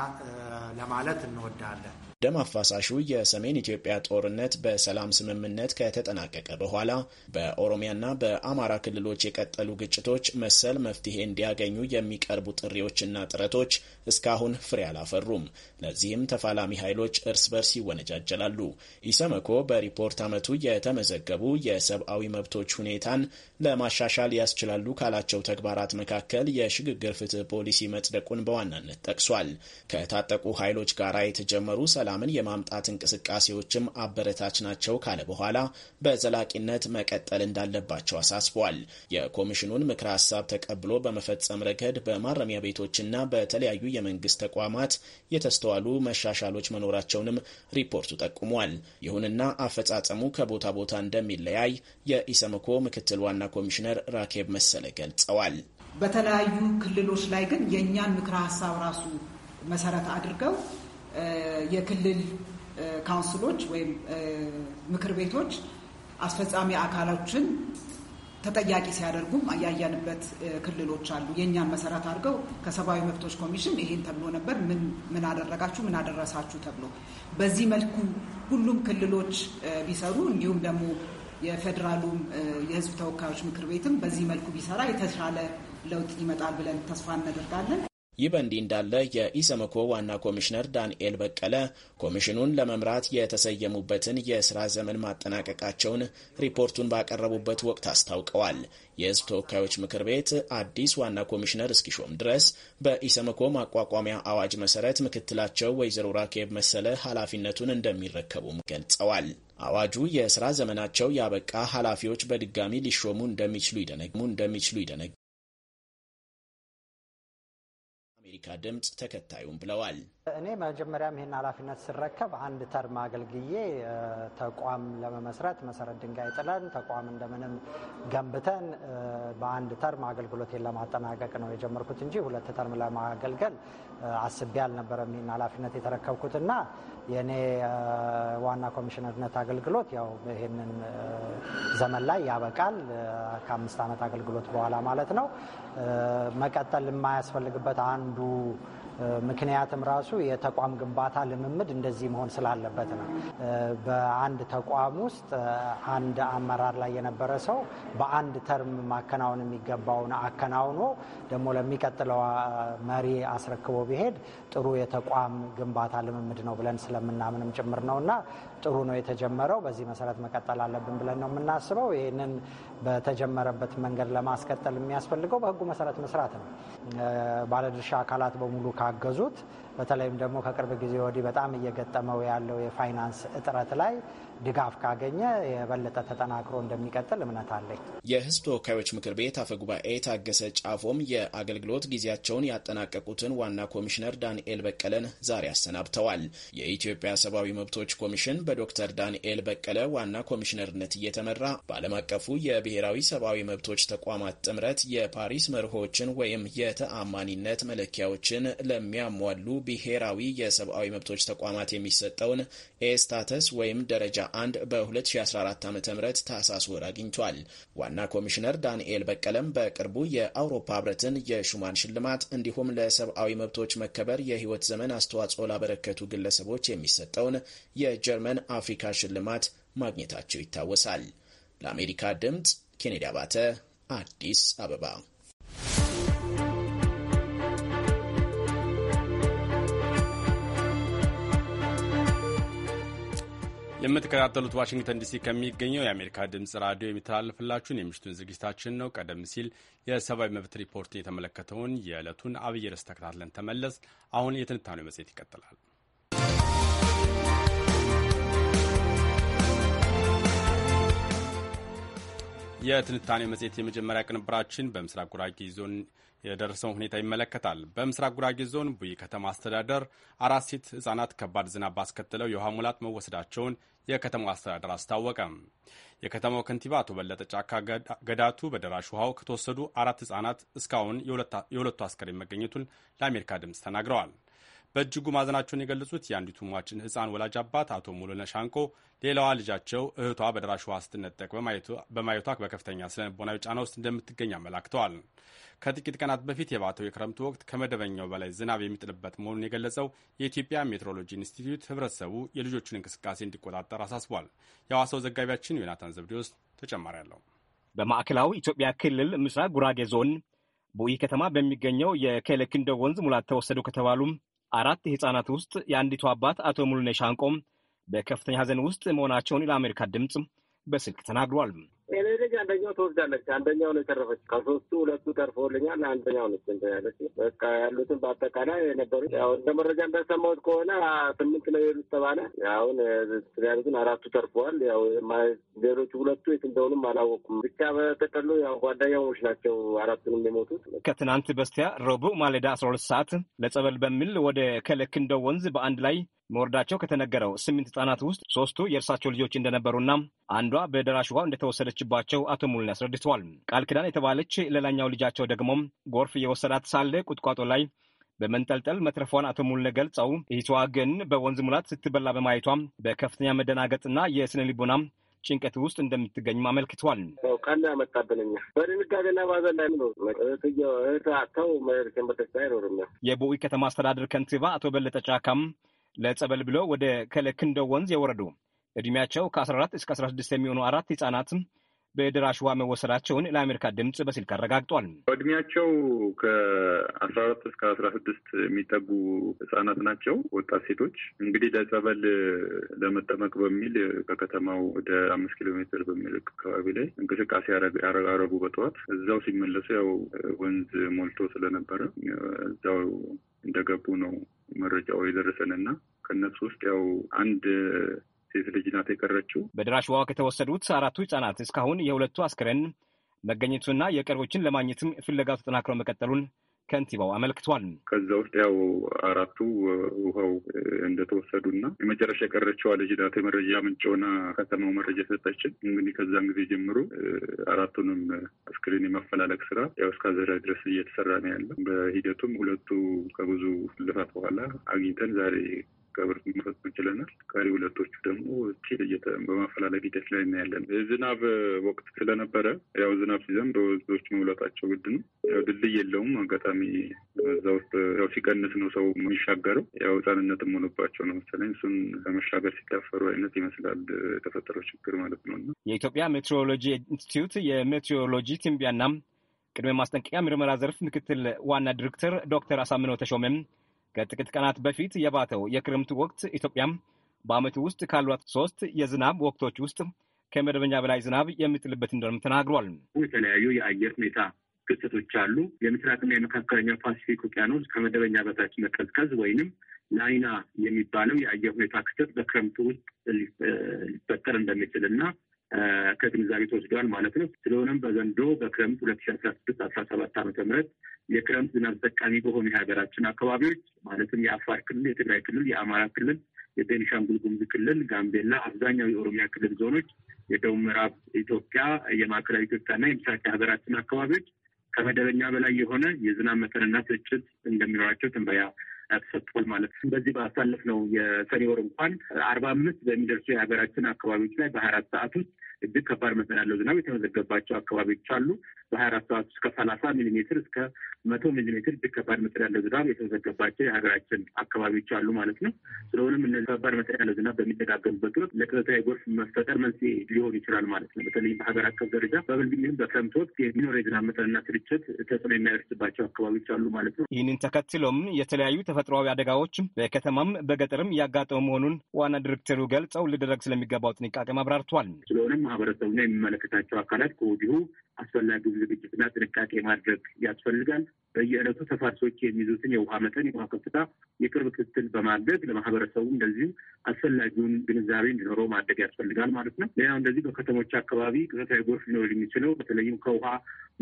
ለማለት እንወዳለን። ደም አፋሳሹ የሰሜን ኢትዮጵያ ጦርነት በሰላም ስምምነት ከተጠናቀቀ በኋላ በኦሮሚያና በአማራ ክልሎች የቀጠሉ ግጭቶች መሰል መፍትሄ እንዲያገኙ የሚቀርቡ ጥሪዎችና ጥረቶች እስካሁን ፍሬ አላፈሩም። ለዚህም ተፋላሚ ኃይሎች እርስ በርስ ይወነጃጀላሉ። ኢሰመኮ በሪፖርት ዓመቱ የተመዘገቡ የሰብአዊ መብቶች ሁኔታን ለማሻሻል ያስችላሉ ካላቸው ተግባራት መካከል የሽግግር ፍትህ ፖሊሲ መጽደቁን በዋናነት ጠቅሷል። ከታጠቁ ኃይሎች ጋር የተጀመሩ ሰላምን የማምጣት እንቅስቃሴዎችም አበረታች ናቸው ካለ በኋላ በዘላቂነት መቀጠል እንዳለባቸው አሳስቧል። የኮሚሽኑን ምክረ ሀሳብ ተቀብሎ በመፈጸም ረገድ በማረሚያ ቤቶችና በተለያዩ የመንግስት ተቋማት የተስተዋሉ መሻሻሎች መኖራቸውንም ሪፖርቱ ጠቁሟል። ይሁንና አፈጻጸሙ ከቦታ ቦታ እንደሚለያይ የኢሰመኮ ምክትል ዋና ኮሚሽነር ራኬብ መሰለ ገልጸዋል። በተለያዩ ክልሎች ላይ ግን የእኛን ምክረ ሀሳብ ራሱ መሰረት አድርገው የክልል ካውንስሎች ወይም ምክር ቤቶች አስፈጻሚ አካሎችን ተጠያቂ ሲያደርጉም ያያንበት ክልሎች አሉ። የእኛን መሰረት አድርገው ከሰብአዊ መብቶች ኮሚሽን ይሄን ተብሎ ነበር፣ ምን ምን አደረጋችሁ፣ ምን አደረሳችሁ ተብሎ በዚህ መልኩ ሁሉም ክልሎች ቢሰሩ እንዲሁም ደግሞ የፌዴራሉም የሕዝብ ተወካዮች ምክር ቤትም በዚህ መልኩ ቢሰራ የተሻለ ለውጥ ይመጣል ብለን ተስፋ እናደርጋለን። ይህ በእንዲህ እንዳለ የኢሰመኮ ዋና ኮሚሽነር ዳንኤል በቀለ ኮሚሽኑን ለመምራት የተሰየሙበትን የስራ ዘመን ማጠናቀቃቸውን ሪፖርቱን ባቀረቡበት ወቅት አስታውቀዋል። የሕዝብ ተወካዮች ምክር ቤት አዲስ ዋና ኮሚሽነር እስኪሾም ድረስ በኢሰመኮ ማቋቋሚያ አዋጅ መሰረት ምክትላቸው ወይዘሮ ራኬብ መሰለ ኃላፊነቱን እንደሚረከቡም ገልጸዋል። አዋጁ የስራ ዘመናቸው ያበቃ ኃላፊዎች በድጋሚ ሊሾሙ እንደሚችሉ ይደነግሙ እንደሚችሉ ይደነግ ለአሜሪካ ድምፅ ተከታዩም ብለዋል። እኔ መጀመሪያም ይህን ኃላፊነት ስረከብ አንድ ተርም አገልግዬ ተቋም ለመመስረት መሰረት ድንጋይ ጥለን ተቋም እንደምንም ገንብተን በአንድ ተርም አገልግሎቴን ለማጠናቀቅ ነው የጀመርኩት እንጂ ሁለት ተርም ለማገልገል አስቤ አልነበረም። ይህን ኃላፊነት የተረከብኩትና የእኔ ዋና ኮሚሽነርነት አገልግሎት ያው ይህንን ዘመን ላይ ያበቃል። ከአምስት ዓመት አገልግሎት በኋላ ማለት ነው። መቀጠል የማያስፈልግበት አንዱ ምክንያትም ራሱ የተቋም ግንባታ ልምምድ እንደዚህ መሆን ስላለበት ነው። በአንድ ተቋም ውስጥ አንድ አመራር ላይ የነበረ ሰው በአንድ ተርም ማከናወን የሚገባውን አከናውኖ ደግሞ ለሚቀጥለው መሪ አስረክቦ ቢሄድ ጥሩ የተቋም ግንባታ ልምምድ ነው ብለን ስለምናምንም ጭምር ነው እና ጥሩ ነው የተጀመረው፣ በዚህ መሰረት መቀጠል አለብን ብለን ነው የምናስበው። ይህንን በተጀመረበት መንገድ ለማስቀጠል የሚያስፈልገው በህጉ መሰረት መስራት ነው። ባለድርሻ አካላት በሙሉ ካገዙት፣ በተለይም ደግሞ ከቅርብ ጊዜ ወዲህ በጣም እየገጠመው ያለው የፋይናንስ እጥረት ላይ ድጋፍ ካገኘ የበለጠ ተጠናክሮ እንደሚቀጥል እምነት አለኝ። የህዝብ ተወካዮች ምክር ቤት አፈ ጉባኤ ታገሰ ጫፎም የአገልግሎት ጊዜያቸውን ያጠናቀቁትን ዋና ኮሚሽነር ዳንኤል በቀለን ዛሬ አሰናብተዋል። የኢትዮጵያ ሰብአዊ መብቶች ኮሚሽን በዶክተር ዳንኤል በቀለ ዋና ኮሚሽነርነት እየተመራ በዓለም አቀፉ የብሔራዊ ሰብአዊ መብቶች ተቋማት ጥምረት የፓሪስ መርሆችን ወይም የተአማኒነት መለኪያዎችን ለሚያሟሉ ብሔራዊ የሰብአዊ መብቶች ተቋማት የሚሰጠውን ኤስታተስ ወይም ደረጃ 1 በ2014 ዓ ም ታህሳስ ወር አግኝቷል። ዋና ኮሚሽነር ዳንኤል በቀለም በቅርቡ የአውሮፓ ህብረትን የሹማን ሽልማት እንዲሁም ለሰብአዊ መብቶች መከበር የህይወት ዘመን አስተዋጽኦ ላበረከቱ ግለሰቦች የሚሰጠውን የጀርመን አፍሪካ ሽልማት ማግኘታቸው ይታወሳል። ለአሜሪካ ድምፅ ኬኔዲ አባተ አዲስ አበባ የምትከታተሉት ዋሽንግተን ዲሲ ከሚገኘው የአሜሪካ ድምፅ ራዲዮ የሚተላለፍላችሁን የምሽቱን ዝግጅታችን ነው። ቀደም ሲል የሰብአዊ መብት ሪፖርትን የተመለከተውን የዕለቱን አብይ ርዕስ ተከታትለን ተመለስ። አሁን የትንታኔው መጽሔት ይቀጥላል። የትንታኔ መጽሔት የመጀመሪያ ቅንብራችን በምስራቅ ጉራጌ ዞን የደረሰውን ሁኔታ ይመለከታል። በምስራቅ ጉራጌ ዞን ቡይ ከተማ አስተዳደር አራት ሴት ህጻናት ከባድ ዝናብ ባስከተለው የውሃ ሙላት መወሰዳቸውን የከተማው አስተዳደር አስታወቀ። የከተማው ከንቲባ አቶ በለጠ ጫካ ገዳቱ በደራሽ ውሃው ከተወሰዱ አራት ህጻናት እስካሁን የሁለቱ አስከሬን መገኘቱን ለአሜሪካ ድምፅ ተናግረዋል። በእጅጉ ማዘናቸውን የገለጹት የአንዲቱ ሟችን ህፃን ወላጅ አባት አቶ ሙሉነ ሻንቆ ሌላዋ ልጃቸው እህቷ በደራሽ ውሃ ስትነጠቅ በማየቷ በከፍተኛ ስነልቦናዊ ጫና ውስጥ እንደምትገኝ አመላክተዋል። ከጥቂት ቀናት በፊት የባተው የክረምቱ ወቅት ከመደበኛው በላይ ዝናብ የሚጥልበት መሆኑን የገለጸው የኢትዮጵያ ሜትሮሎጂ ኢንስቲትዩት ህብረተሰቡ የልጆቹን እንቅስቃሴ እንዲቆጣጠር አሳስቧል። የሐዋሳው ዘጋቢያችን ዮናታን ዘብዴዎስ ተጨማሪ አለው። በማዕከላዊ ኢትዮጵያ ክልል ምስራቅ ጉራጌ ዞን ቡኢ ከተማ በሚገኘው የከለክንደ ወንዝ ሙላት ተወሰዱ ከተባሉ አራት ህጻናት ውስጥ የአንዲቱ አባት አቶ ሙሉነ ሻንቆም በከፍተኛ ሐዘን ውስጥ መሆናቸውን ለአሜሪካ ድምፅ በስልክ ተናግሯል። እኔ ልጅ አንደኛው ትወስዳለች። አንደኛው ነው የተረፈች። ከሶስቱ ሁለቱ ተርፎልኛል። አንደኛው ነች እንትን ያለች። በቃ ያሉትን በአጠቃላይ የነበሩ ያው እንደ መረጃ እንዳሰማሁት ከሆነ ስምንት ነው የሄዱት ተባለ። አሁን ያሉትን አራቱ ተርፈዋል። ያው ሌሎቹ ሁለቱ የት እንደሆኑም አላወቁም። ብቻ በተቀሉ ያው ጓደኛሞች ናቸው አራቱንም የሞቱት። ከትናንት በስቲያ ረቡዕ ማለዳ አስራ ሁለት ሰዓት ለጸበል በሚል ወደ ከለክንደው ወንዝ በአንድ ላይ መወርዳቸው ከተነገረው ስምንት ህጻናት ውስጥ ሶስቱ የእርሳቸው ልጆች እንደነበሩና አንዷ በደራሽ ውሃ እንደተወሰደችባቸው አቶ ሙሉን አስረድተዋል። ቃል ኪዳን የተባለች ሌላኛው ልጃቸው ደግሞ ጎርፍ የወሰዳት ሳለ ቁጥቋጦ ላይ በመንጠልጠል መትረፏን አቶ ሙሉነ ገልጸው እህቷ ግን በወንዝ ሙላት ስትበላ በማየቷ በከፍተኛ መደናገጥና የስነ ልቦና ጭንቀት ውስጥ እንደምትገኝም አመልክተዋል። ካለ ያመጣብንኛ በድንጋጤና ባዘን ላይ ነው እህት አተው መሄድ ከንበተስታ አይኖርም። የቦኢ ከተማ አስተዳደር ከንቲባ አቶ በለጠ ጫካም ለጸበል ብለው ወደ ከለክንዶ ወንዝ የወረዱ እድሜያቸው ከ14 እስከ 16 የሚሆኑ አራት ህጻናት በደራሽ ውሃ መወሰዳቸውን ለአሜሪካ ድምፅ በስልክ አረጋግጧል። እድሜያቸው ከአስራ አራት እስከ አስራ ስድስት የሚጠጉ ህጻናት ናቸው። ወጣት ሴቶች እንግዲህ ለጸበል ለመጠመቅ በሚል ከከተማው ወደ አምስት ኪሎ ሜትር በሚል አካባቢ ላይ እንቅስቃሴ ያረጋረጉ በጠዋት እዛው ሲመለሱ ያው ወንዝ ሞልቶ ስለነበረ እዛው እንደገቡ ነው መረጃው የደረሰን እና ከነሱ ውስጥ ያው አንድ ሴት ልጅ ናት የቀረችው። በድራሽ ዋዋ ከተወሰዱት አራቱ ህጻናት እስካሁን የሁለቱ አስክሬን መገኘቱና የቀሪዎችን ለማግኘትም ፍለጋው ተጠናክረው መቀጠሉን ከንቲባው አመልክቷል። ከዛ ውስጥ ያው አራቱ ውሃው እንደተወሰዱና የመጨረሻ የቀረችዋ ልጅ ናት የመረጃ ምንጭ ከተማው መረጃ ሰጠችን። እንግዲህ ከዛን ጊዜ ጀምሮ አራቱንም አስክሬን የማፈላለግ ስራ ያው እስከ ዛሬ ድረስ እየተሰራ ነው ያለው። በሂደቱም ሁለቱ ከብዙ ልፋት በኋላ አግኝተን ዛሬ ከብር መፈጽ ችለናል። ቀሪ ሁለቶቹ ደግሞ በማፈላለግ ሂደት ላይ እናያለን። ዝናብ ወቅት ስለነበረ ያው ዝናብ ሲዘንብ ወንዞች መሙላታቸው ግድ ነው። ያው ድልድይ የለውም። አጋጣሚ እዛ ውስጥ ያው ሲቀንስ ነው ሰው የሚሻገረው። ያው ህጻንነትም ሆኖባቸው ነው መሰለኝ እሱን ለመሻገር ሲታፈሩ አይነት ይመስላል የተፈጠረው ችግር ማለት ነው። እና የኢትዮጵያ ሜትሮሎጂ ኢንስቲትዩት የሜትሮሎጂ ትንቢያና ቅድመ ማስጠንቀቂያ ምርመራ ዘርፍ ምክትል ዋና ዲሬክተር ዶክተር አሳምነው ተሾመም ከጥቂት ቀናት በፊት የባተው የክረምት ወቅት ኢትዮጵያም በዓመቱ ውስጥ ካሏት ሶስት የዝናብ ወቅቶች ውስጥ ከመደበኛ በላይ ዝናብ የሚጥልበት እንደሆነም ተናግሯል። የተለያዩ የአየር ሁኔታ ክስተቶች አሉ። የምስራቅና የመካከለኛው ፓሲፊክ ውቅያኖስ ከመደበኛ በታች መቀዝቀዝ ወይንም ላይና የሚባለው የአየር ሁኔታ ክስተት በክረምቱ ውስጥ ሊፈጠር እንደሚችል እና ከግንዛቤ ተወስዷል ማለት ነው። ስለሆነም በዘንዶ በክረምት ሁለት ሺ አስራ ስድስት አስራ ሰባት ዓመተ ምህረት የክረምት ዝናብ ተጠቃሚ በሆኑ የሀገራችን አካባቢዎች ማለትም የአፋር ክልል፣ የትግራይ ክልል፣ የአማራ ክልል፣ የቤኒሻንጉል ጉሙዝ ክልል፣ ጋምቤላ፣ አብዛኛው የኦሮሚያ ክልል ዞኖች፣ የደቡብ ምዕራብ ኢትዮጵያ፣ የማዕከላዊ ኢትዮጵያና የምስራቅ የሀገራችን አካባቢዎች ከመደበኛ በላይ የሆነ የዝናብ መጠንና ስርጭት እንደሚኖራቸው ትንበያ ተሰጥቷል ማለት በዚህ በዚህ ነው የሰኔ ወር እንኳን አርባ አምስት በሚደርሱ የሀገራችን አካባቢዎች ላይ በሀያ አራት ሰዓት ውስጥ እጅግ ከባድ መጠን ያለው ዝናብ የተመዘገባቸው አካባቢዎች አሉ። በሀያ አራት ሰዓት እስከ ሰላሳ ሚሊሜትር እስከ መቶ ሚሊሜትር እጅግ ከባድ መጠን ያለው ዝናብ የተመዘገባቸው የሀገራችን አካባቢዎች አሉ ማለት ነው። ስለሆነም እነዚህ ከባድ መጠን ያለው ዝናብ በሚደጋገሙበት ወቅት ለቅጽበታዊ ጎርፍ መፈጠር መንስኤ ሊሆን ይችላል ማለት ነው። በተለይ በሀገር አቀፍ ደረጃ በበልግ በክረምት ወቅት የሚኖረው የዝናብ መጠንና ስርጭት ተጽዕኖ የሚያደርስባቸው አካባቢዎች አሉ ማለት ነው። ይህንን ተከትሎም የተለያዩ ተፈጥሯዊ አደጋዎች በከተማም በገጠርም እያጋጠሙ መሆኑን ዋና ዲሬክተሩ ገልጸው ሊደረግ ስለሚገባው ጥንቃቄ አብራርቷል። ስለሆነም ማህበረሰቡና የሚመለከታቸው አካላት ከወዲሁ አስፈላጊውን ዝግጅትና ጥንቃቄ ማድረግ ያስፈልጋል። በየዕለቱ ተፋርሶች የሚይዙትን የውሃ መጠን፣ የውሃ ከፍታ የቅርብ ክትትል በማድረግ ለማህበረሰቡ እንደዚሁ አስፈላጊውን ግንዛቤ እንዲኖረው ማድረግ ያስፈልጋል ማለት ነው። ሌላው እንደዚህ በከተሞች አካባቢ ቅጽበታዊ ጎርፍ ሊኖር የሚችለው በተለይም ከውሃ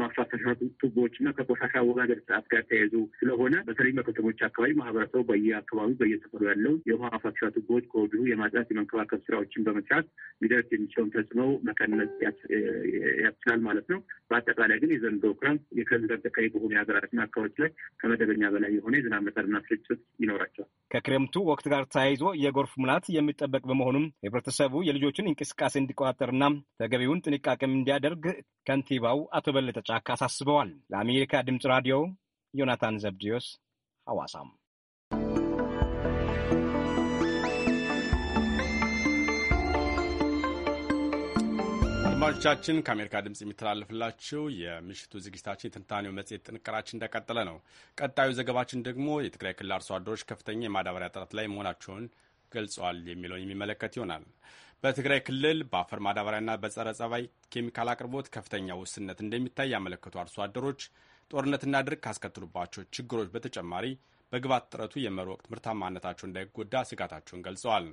ማፋሰሻ ቱቦዎች እና ከቆሻሻ አወጋገድ ስርዓት ጋር ተያይዞ ስለሆነ በተለይም በከተሞች አካባቢ ማህበረሰቡ በየአካባቢ በየሰፈሩ ያለው የውሃ ማፋሰሻ ቱቦዎች ከወዲሁ የማጽዳት የመንከባከብ ስራዎችን በመስራት ሊደርስ የሚችለውን ተጽዕኖ መቀነስ ያስችላል ማለት ነው። በአጠቃላይ ግን የዘንድሮ ክረምት የክረምት በቀይ በሆኑ የሀገራችን አካባቢዎች ላይ ከመደበኛ በላይ የሆነ የዝናብ መጠንና ስርጭት ይኖራቸዋል። ከክረምቱ ወቅት ጋር ተያይዞ የጎርፍ ሙላት የሚጠበቅ በመሆኑም ህብረተሰቡ የልጆችን እንቅስቃሴ እንዲቆጣጠርና ተገቢውን ጥንቃቄም እንዲያደርግ ከንቲባው አቶ በለጠ ጫካ አሳስበዋል። ለአሜሪካ ድምፅ ራዲዮ ዮናታን ዘብዲዮስ ሐዋሳም አድማጮቻችን ከአሜሪካ ድምፅ የሚተላለፍላችሁ የምሽቱ ዝግጅታችን የትንታኔው መጽሔት ጥንቅራችን እንደቀጠለ ነው። ቀጣዩ ዘገባችን ደግሞ የትግራይ ክልል አርሶ አደሮች ከፍተኛ የማዳበሪያ ጥረት ላይ መሆናቸውን ገልጸዋል የሚለውን የሚመለከት ይሆናል። በትግራይ ክልል በአፈር ማዳበሪያና በጸረ ጸባይ ኬሚካል አቅርቦት ከፍተኛ ውስንነት እንደሚታይ ያመለከቱ አርሶ አደሮች ጦርነትና ድርቅ ካስከትሉባቸው ችግሮች በተጨማሪ በግብዓት እጥረቱ የመኸር ወቅት ምርታማነታቸው እንዳይጎዳ ስጋታቸውን ገልጸዋል።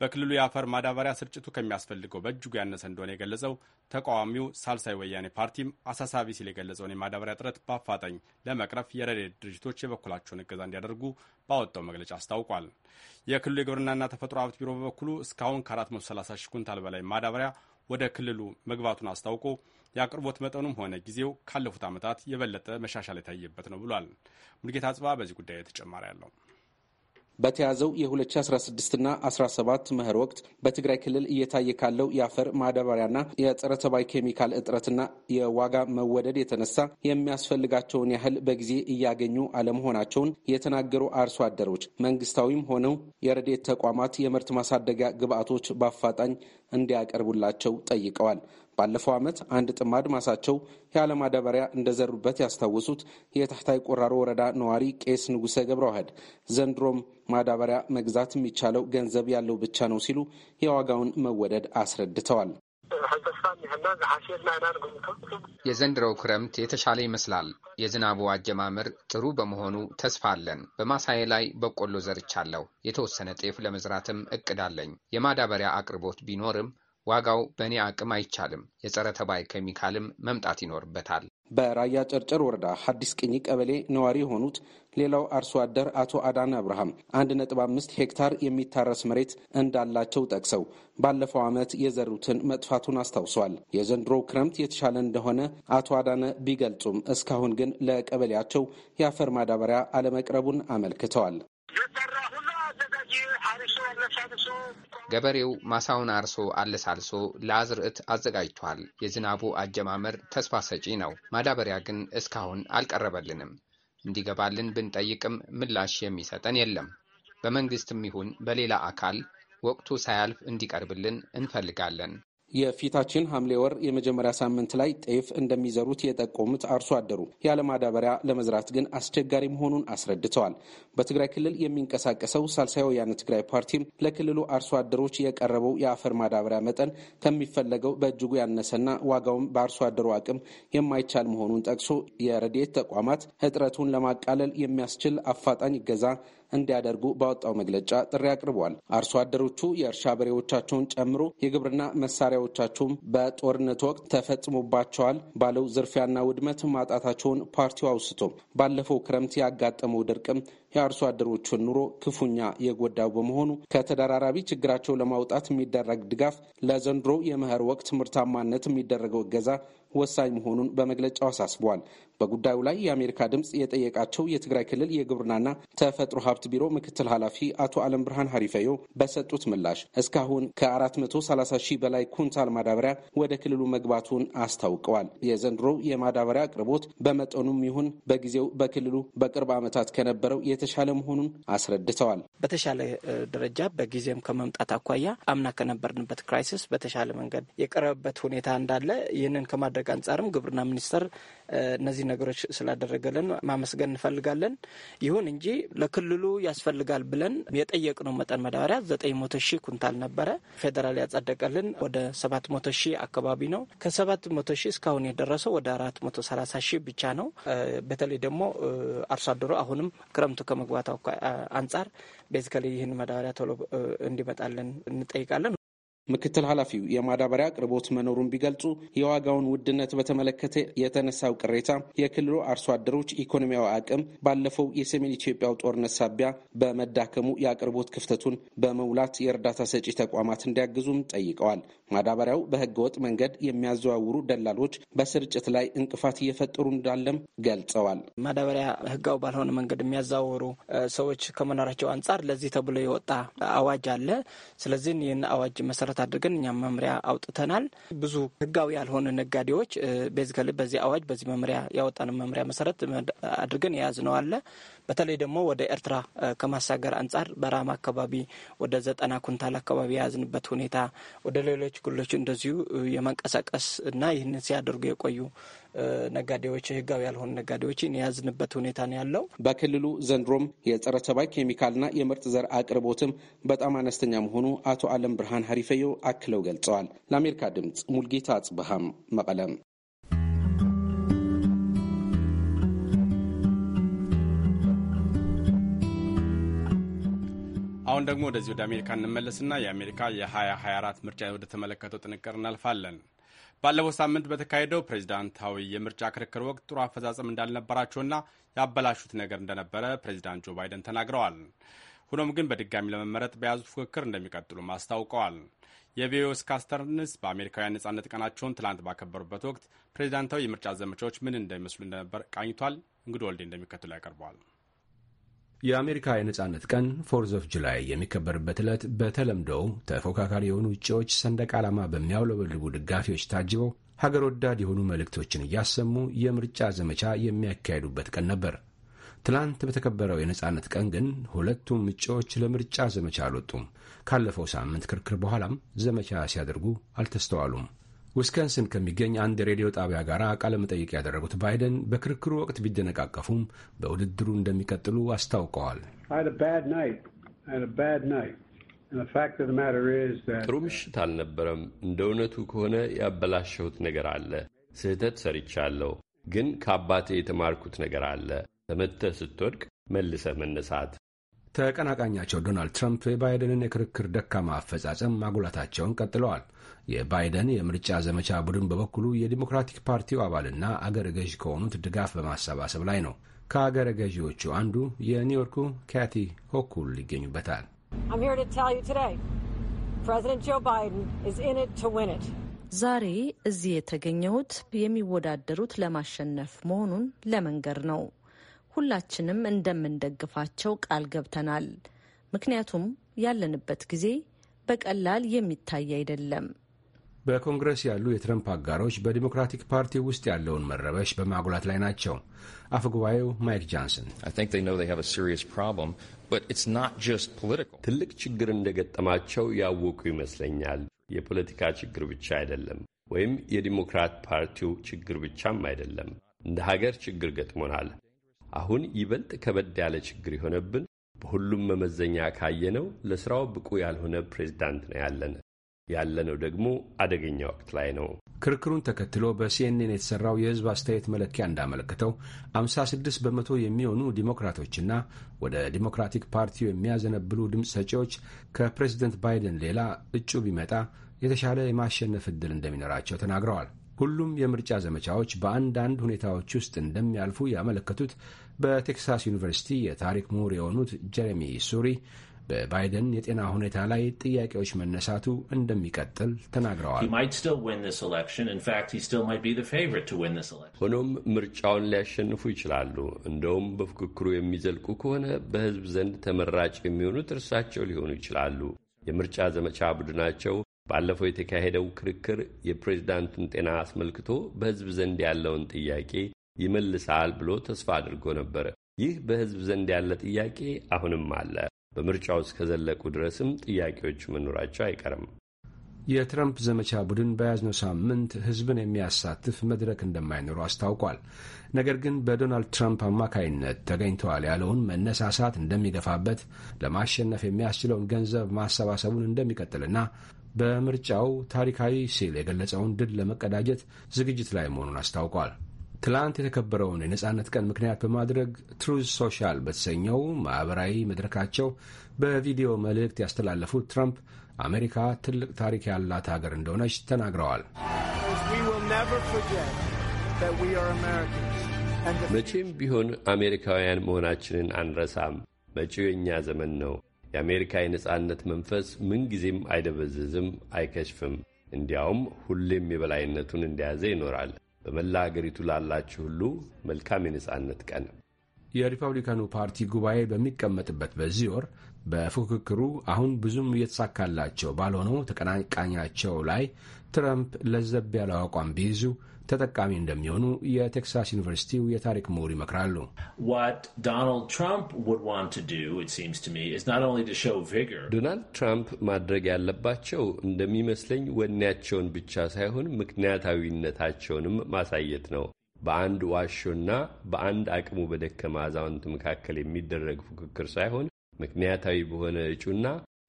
በክልሉ የአፈር ማዳበሪያ ስርጭቱ ከሚያስፈልገው በእጅጉ ያነሰ እንደሆነ የገለጸው ተቃዋሚው ሳልሳይ ወያኔ ፓርቲም አሳሳቢ ሲል የገለጸውን የማዳበሪያ እጥረት በአፋጣኝ ለመቅረፍ የረድኤት ድርጅቶች የበኩላቸውን እገዛ እንዲያደርጉ ባወጣው መግለጫ አስታውቋል። የክልሉ የግብርናና ተፈጥሮ ሀብት ቢሮ በበኩሉ እስካሁን ከ430 ሺህ ኩንታል በላይ ማዳበሪያ ወደ ክልሉ መግባቱን አስታውቆ የአቅርቦት መጠኑም ሆነ ጊዜው ካለፉት ዓመታት የበለጠ መሻሻል የታየበት ነው ብሏል። ሙልጌታ ጽባ በዚህ ጉዳይ ተጨማሪ አለው። በተያዘው የ2016ና 17 መኸር ወቅት በትግራይ ክልል እየታየ ካለው የአፈር ማዳበሪያና የጸረ ተባይ ኬሚካል እጥረትና የዋጋ መወደድ የተነሳ የሚያስፈልጋቸውን ያህል በጊዜ እያገኙ አለመሆናቸውን የተናገሩ አርሶ አደሮች መንግስታዊም ሆነው የረዴት ተቋማት የምርት ማሳደጊያ ግብዓቶች በአፋጣኝ እንዲያቀርቡላቸው ጠይቀዋል። ባለፈው ዓመት አንድ ጥማድ ማሳቸው ያለ ማዳበሪያ እንደዘሩበት ያስታወሱት የታህታይ ቆራሮ ወረዳ ነዋሪ ቄስ ንጉሰ ዋህድ። ዘንድሮም ማዳበሪያ መግዛት የሚቻለው ገንዘብ ያለው ብቻ ነው ሲሉ የዋጋውን መወደድ አስረድተዋል። የዘንድሮው ክረምት የተሻለ ይመስላል። የዝናቡ አጀማመር ጥሩ በመሆኑ ተስፋ አለን። በማሳዬ ላይ በቆሎ ዘርቻለሁ። የተወሰነ ጤፍ ለመዝራትም እቅድ አለኝ። የማዳበሪያ አቅርቦት ቢኖርም ዋጋው በእኔ አቅም አይቻልም። የጸረ ተባይ ኬሚካልም መምጣት ይኖርበታል። በራያ ጨርጨር ወረዳ ሀዲስ ቅኝ ቀበሌ ነዋሪ የሆኑት ሌላው አርሶ አደር አቶ አዳነ አብርሃም አንድ ነጥብ አምስት ሄክታር የሚታረስ መሬት እንዳላቸው ጠቅሰው ባለፈው ዓመት የዘሩትን መጥፋቱን አስታውሰዋል። የዘንድሮ ክረምት የተሻለ እንደሆነ አቶ አዳነ ቢገልጹም እስካሁን ግን ለቀበሌያቸው የአፈር ማዳበሪያ አለመቅረቡን አመልክተዋል። የዘራሁን ገበሬው ማሳውን አርሶ አለሳልሶ ለአዝርዕት አዘጋጅቷል። የዝናቡ አጀማመር ተስፋ ሰጪ ነው። ማዳበሪያ ግን እስካሁን አልቀረበልንም። እንዲገባልን ብንጠይቅም ምላሽ የሚሰጠን የለም። በመንግስትም ይሁን በሌላ አካል ወቅቱ ሳያልፍ እንዲቀርብልን እንፈልጋለን። የፊታችን ሐምሌ ወር የመጀመሪያ ሳምንት ላይ ጤፍ እንደሚዘሩት የጠቆሙት አርሶ አደሩ ማዳበሪያ ለመዝራት ግን አስቸጋሪ መሆኑን አስረድተዋል። በትግራይ ክልል የሚንቀሳቀሰው ሳልሳይ ወያነ ትግራይ ፓርቲም ለክልሉ አርሶ አደሮች የቀረበው የአፈር ማዳበሪያ መጠን ከሚፈለገው በእጅጉ ያነሰና ዋጋውም በአርሶ አደሩ አቅም የማይቻል መሆኑን ጠቅሶ የረድኤት ተቋማት እጥረቱን ለማቃለል የሚያስችል አፋጣኝ እገዛ እንዲያደርጉ ባወጣው መግለጫ ጥሪ አቅርቧል። አርሶ አደሮቹ የእርሻ በሬዎቻቸውን ጨምሮ የግብርና መሳሪያዎቻቸውም በጦርነት ወቅት ተፈጽሞባቸዋል ባለው ዝርፊያና ውድመት ማጣታቸውን ፓርቲው አውስቶ ባለፈው ክረምት ያጋጠመው ድርቅም የአርሶ አደሮቹን ኑሮ ክፉኛ የጎዳው በመሆኑ ከተደራራቢ ችግራቸው ለማውጣት የሚደረግ ድጋፍ ለዘንድሮ የመኸር ወቅት ምርታማነት የሚደረገው እገዛ ወሳኝ መሆኑን በመግለጫው አሳስበዋል። በጉዳዩ ላይ የአሜሪካ ድምፅ የጠየቃቸው የትግራይ ክልል የግብርናና ተፈጥሮ ሀብት ቢሮ ምክትል ኃላፊ አቶ አለም ብርሃን ሀሪፈዮ በሰጡት ምላሽ እስካሁን ከ430 ሺህ በላይ ኩንታል ማዳበሪያ ወደ ክልሉ መግባቱን አስታውቀዋል። የዘንድሮው የማዳበሪያ አቅርቦት በመጠኑም ይሁን በጊዜው በክልሉ በቅርብ ዓመታት ከነበረው የተ የተሻለ መሆኑን አስረድተዋል። በተሻለ ደረጃ በጊዜም ከመምጣት አኳያ አምና ከነበርንበት ክራይሲስ በተሻለ መንገድ የቀረበበት ሁኔታ እንዳለ ይህንን ከማድረግ አንጻርም ግብርና ሚኒስቴር እነዚህ ነገሮች ስላደረገልን ማመስገን እንፈልጋለን። ይሁን እንጂ ለክልሉ ያስፈልጋል ብለን የጠየቅነው መጠን መዳበሪያ ዘጠኝ መቶ ሺህ ኩንታል ነበረ። ፌዴራል ያጸደቀልን ወደ ሰባት መቶ ሺህ አካባቢ ነው። ከሰባት መቶ ሺህ እስካሁን የደረሰው ወደ አራት መቶ ሰላሳ ሺህ ብቻ ነው። በተለይ ደግሞ አርሶ አደሩ አሁንም ክረምቱ ከመግባት አንጻር ቤዚካሊ ይህን መዳበሪያ ቶሎ እንዲመጣልን እንጠይቃለን። ምክትል ኃላፊው የማዳበሪያ አቅርቦት መኖሩን ቢገልጹ የዋጋውን ውድነት በተመለከተ የተነሳው ቅሬታ የክልሉ አርሶ አደሮች ኢኮኖሚያዊ አቅም ባለፈው የሰሜን ኢትዮጵያው ጦርነት ሳቢያ በመዳከሙ የአቅርቦት ክፍተቱን በመሙላት የእርዳታ ሰጪ ተቋማት እንዲያግዙም ጠይቀዋል። ማዳበሪያው በህገወጥ መንገድ የሚያዘዋውሩ ደላሎች በስርጭት ላይ እንቅፋት እየፈጠሩ እንዳለም ገልጸዋል። ማዳበሪያ ህጋዊ ባልሆነ መንገድ የሚያዘዋውሩ ሰዎች ከመኖራቸው አንጻር ለዚህ ተብሎ የወጣ አዋጅ አለ። ስለዚህ ይህን አዋጅ መሰረት መሰረት አድርገን እኛም መምሪያ አውጥተናል። ብዙ ህጋዊ ያልሆነ ነጋዴዎች ቤዚካሊ በዚህ አዋጅ በዚህ መምሪያ ያወጣን መምሪያ መሰረት አድርገን የያዝነው አለ። በተለይ ደግሞ ወደ ኤርትራ ከማሳገር አንጻር በራማ አካባቢ ወደ ዘጠና ኩንታል አካባቢ የያዝንበት ሁኔታ ወደ ሌሎች ክልሎች እንደዚሁ የመንቀሳቀስ እና ይህንን ሲያደርጉ የቆዩ ነጋዴዎች፣ ህጋዊ ያልሆኑ ነጋዴዎችን የያዝንበት ሁኔታ ነው ያለው። በክልሉ ዘንድሮም የጸረ ተባይ ኬሚካልና የምርጥ ዘር አቅርቦትም በጣም አነስተኛ መሆኑ አቶ አለም ብርሃን ሀሪፈዮ አክለው ገልጸዋል። ለአሜሪካ ድምጽ ሙልጌታ አጽብሃም መቀለም አሁን ደግሞ ወደዚህ ወደ አሜሪካ እንመለስና የአሜሪካ የ2024 ምርጫ ወደ ተመለከተው ጥንቅር እናልፋለን። ባለፈው ሳምንት በተካሄደው ፕሬዚዳንታዊ የምርጫ ክርክር ወቅት ጥሩ አፈጻጸም እንዳልነበራቸውና ያበላሹት ነገር እንደነበረ ፕሬዚዳንት ጆ ባይደን ተናግረዋል። ሆኖም ግን በድጋሚ ለመመረጥ በያዙት ፉክክር እንደሚቀጥሉም አስታውቀዋል። የቪኦኤ ስካስተርንስ በአሜሪካውያን ነጻነት ቀናቸውን ትላንት ባከበሩበት ወቅት ፕሬዚዳንታዊ የምርጫ ዘመቻዎች ምን እንደሚመስሉ እንደነበር ቃኝቷል። እንግዲህ ወልዴ እንደሚከተሉ ያቀርበዋል። የአሜሪካ የነጻነት ቀን ፎርዝ ኦፍ ጁላይ የሚከበርበት ዕለት በተለምዶው ተፎካካሪ የሆኑ እጩዎች ሰንደቅ ዓላማ በሚያውለበልቡ ደጋፊዎች ታጅበው ሀገር ወዳድ የሆኑ መልእክቶችን እያሰሙ የምርጫ ዘመቻ የሚያካሂዱበት ቀን ነበር። ትላንት በተከበረው የነጻነት ቀን ግን ሁለቱም እጩዎች ለምርጫ ዘመቻ አልወጡም። ካለፈው ሳምንት ክርክር በኋላም ዘመቻ ሲያደርጉ አልተስተዋሉም። ዊስካንስን ከሚገኝ አንድ የሬዲዮ ጣቢያ ጋር መጠይቅ ያደረጉት ባይደን በክርክሩ ወቅት ቢደነቃቀፉም በውድድሩ እንደሚቀጥሉ አስታውቀዋል። ጥሩ ምሽት አልነበረም። እንደ እውነቱ ከሆነ ያበላሸሁት ነገር አለ። ስህተት ሰርቻለሁ፣ ግን ከአባቴ የተማርኩት ነገር አለ። ተመተህ ስትወድቅ መልሰህ መነሳት። ተቀናቃኛቸው ዶናልድ ትራምፕ የባይደንን የክርክር ደካማ አፈጻጸም ማጉላታቸውን ቀጥለዋል። የባይደን የምርጫ ዘመቻ ቡድን በበኩሉ የዲሞክራቲክ ፓርቲው አባልና አገረ ገዥ ከሆኑት ድጋፍ በማሰባሰብ ላይ ነው። ከአገረ ገዢዎቹ አንዱ የኒውዮርኩ ካቲ ሆኩል ይገኙበታል። ዛሬ እዚህ የተገኘሁት የሚወዳደሩት ለማሸነፍ መሆኑን ለመንገር ነው። ሁላችንም እንደምንደግፋቸው ቃል ገብተናል። ምክንያቱም ያለንበት ጊዜ በቀላል የሚታይ አይደለም። በኮንግረስ ያሉ የትረምፕ አጋሮች በዲሞክራቲክ ፓርቲ ውስጥ ያለውን መረበሽ በማጉላት ላይ ናቸው። አፈጉባኤው ማይክ ጃንሰን ትልቅ ችግር እንደገጠማቸው ያወቁ ይመስለኛል። የፖለቲካ ችግር ብቻ አይደለም፣ ወይም የዲሞክራት ፓርቲው ችግር ብቻም አይደለም። እንደ ሀገር ችግር ገጥሞናል። አሁን ይበልጥ ከበድ ያለ ችግር የሆነብን በሁሉም መመዘኛ ካየነው ለስራው ብቁ ያልሆነ ፕሬዚዳንት ነው ያለን። ያለነው ደግሞ አደገኛ ወቅት ላይ ነው። ክርክሩን ተከትሎ በሲኤንኤን የተሰራው የሕዝብ አስተያየት መለኪያ እንዳመለከተው 56 በመቶ የሚሆኑ ዲሞክራቶችና ወደ ዲሞክራቲክ ፓርቲው የሚያዘነብሉ ድምፅ ሰጪዎች ከፕሬዝደንት ባይደን ሌላ እጩ ቢመጣ የተሻለ የማሸነፍ ዕድል እንደሚኖራቸው ተናግረዋል። ሁሉም የምርጫ ዘመቻዎች በአንዳንድ ሁኔታዎች ውስጥ እንደሚያልፉ ያመለከቱት በቴክሳስ ዩኒቨርሲቲ የታሪክ ምሁር የሆኑት ጀሬሚ ሱሪ በባይደን የጤና ሁኔታ ላይ ጥያቄዎች መነሳቱ እንደሚቀጥል ተናግረዋል። ሆኖም ምርጫውን ሊያሸንፉ ይችላሉ። እንደውም በፉክክሩ የሚዘልቁ ከሆነ በሕዝብ ዘንድ ተመራጭ የሚሆኑት እርሳቸው ሊሆኑ ይችላሉ። የምርጫ ዘመቻ ቡድናቸው ባለፈው የተካሄደው ክርክር የፕሬዚዳንቱን ጤና አስመልክቶ በሕዝብ ዘንድ ያለውን ጥያቄ ይመልሳል ብሎ ተስፋ አድርጎ ነበር። ይህ በሕዝብ ዘንድ ያለ ጥያቄ አሁንም አለ። በምርጫው እስከዘለቁ ድረስም ጥያቄዎች መኖራቸው አይቀርም። የትራምፕ ዘመቻ ቡድን በያዝነው ሳምንት ህዝብን የሚያሳትፍ መድረክ እንደማይኖሩ አስታውቋል። ነገር ግን በዶናልድ ትራምፕ አማካይነት ተገኝተዋል ያለውን መነሳሳት እንደሚገፋበት፣ ለማሸነፍ የሚያስችለውን ገንዘብ ማሰባሰቡን እንደሚቀጥልና በምርጫው ታሪካዊ ሲል የገለጸውን ድል ለመቀዳጀት ዝግጅት ላይ መሆኑን አስታውቋል። ትላንት የተከበረውን የነጻነት ቀን ምክንያት በማድረግ ትሩዝ ሶሻል በተሰኘው ማኅበራዊ መድረካቸው በቪዲዮ መልእክት ያስተላለፉት ትራምፕ አሜሪካ ትልቅ ታሪክ ያላት ሀገር እንደሆነች ተናግረዋል። መቼም ቢሆን አሜሪካውያን መሆናችንን አንረሳም። መጪው የእኛ ዘመን ነው። የአሜሪካ የነጻነት መንፈስ ምንጊዜም አይደበዝዝም፣ አይከሽፍም። እንዲያውም ሁሌም የበላይነቱን እንደያዘ ይኖራል። በመላ አገሪቱ ላላችሁ ሁሉ መልካም የነጻነት ቀን። የሪፐብሊካኑ ፓርቲ ጉባኤ በሚቀመጥበት በዚህ ወር በፉክክሩ አሁን ብዙም እየተሳካላቸው ባልሆነው ተቀናቃኛቸው ላይ ትረምፕ ለዘብ ያለው አቋም ቢይዙ ተጠቃሚ እንደሚሆኑ የቴክሳስ ዩኒቨርሲቲው የታሪክ ምሁር ይመክራሉ። ዶናልድ ትራምፕ ማድረግ ያለባቸው እንደሚመስለኝ ወኔያቸውን ብቻ ሳይሆን ምክንያታዊነታቸውንም ማሳየት ነው። በአንድ ዋሾና በአንድ አቅሙ በደከመ አዛውንት መካከል የሚደረግ ፉክክር ሳይሆን ምክንያታዊ በሆነ እጩና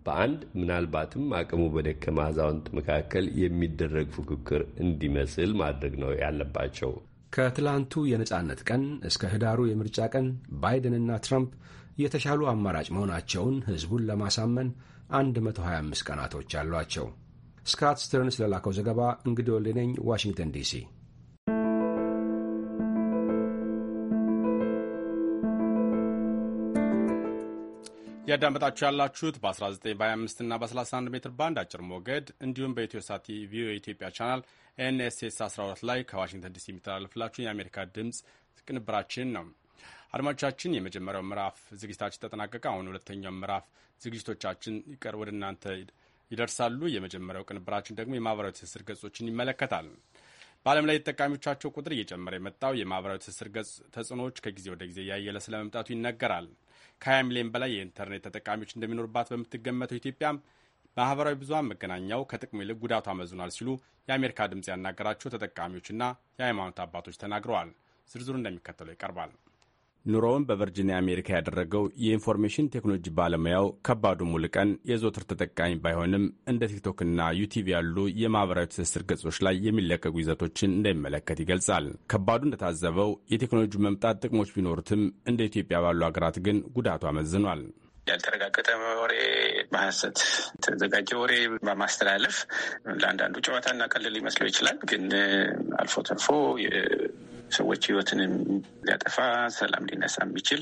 በአንድ ምናልባትም አቅሙ በደከመ አዛውንት መካከል የሚደረግ ፉክክር እንዲመስል ማድረግ ነው ያለባቸው። ከትላንቱ የነጻነት ቀን እስከ ህዳሩ የምርጫ ቀን ባይደንና ትራምፕ የተሻሉ አማራጭ መሆናቸውን ህዝቡን ለማሳመን 125 ቀናቶች አሏቸው። ስካት ስተርንስ ለላከው ዘገባ እንግዲህ ወሌነኝ ዋሽንግተን ዲሲ እያዳመጣችሁ ያላችሁት በ19 በ25 እና በ31 ሜትር ባንድ አጭር ሞገድ እንዲሁም በኢትዮ ሳት ቪኦኤ ኢትዮጵያ ቻናል ኤንኤስኤስ 12 ላይ ከዋሽንግተን ዲሲ የሚተላለፍላችሁን የአሜሪካ ድምፅ ቅንብራችን ነው። አድማጮቻችን የመጀመሪያው ምዕራፍ ዝግጅታችን ተጠናቀቀ። አሁን ሁለተኛው ምዕራፍ ዝግጅቶቻችን ይቀር ወደ እናንተ ይደርሳሉ። የመጀመሪያው ቅንብራችን ደግሞ የማህበራዊ ትስስር ገጾችን ይመለከታል። በዓለም ላይ የተጠቃሚዎቻቸው ቁጥር እየጨመረ የመጣው የማህበራዊ ትስስር ገጽ ተጽዕኖዎች ከጊዜ ወደ ጊዜ እያየለ ስለመምጣቱ ይነገራል። ከ20 ሚሊዮን በላይ የኢንተርኔት ተጠቃሚዎች እንደሚኖርባት በምትገመተው ኢትዮጵያ ማህበራዊ ብዙሀን መገናኛው ከጥቅሙ ይልቅ ጉዳቱ አመዝኗል ሲሉ የአሜሪካ ድምፅ ያናገራቸው ተጠቃሚዎችና የሃይማኖት አባቶች ተናግረዋል። ዝርዝሩ እንደሚከተለው ይቀርባል። ኑሮውን በቨርጂኒያ አሜሪካ ያደረገው የኢንፎርሜሽን ቴክኖሎጂ ባለሙያው ከባዱ ሙልቀን የዘወትር ተጠቃሚ ባይሆንም እንደ ቲክቶክና ዩቲዩብ ያሉ የማህበራዊ ትስስር ገጾች ላይ የሚለቀቁ ይዘቶችን እንደሚመለከት ይገልጻል። ከባዱ እንደታዘበው የቴክኖሎጂ መምጣት ጥቅሞች ቢኖሩትም እንደ ኢትዮጵያ ባሉ ሀገራት ግን ጉዳቱ አመዝኗል። ያልተረጋገጠ ወሬ በሀሰት ተዘጋጀ ወሬ በማስተላለፍ ለአንዳንዱ ጨዋታና ቀልል ሊመስለው ይችላል። ግን አልፎ ተርፎ ሰዎች ህይወትንም ሊያጠፋ ሰላም ሊነሳ የሚችል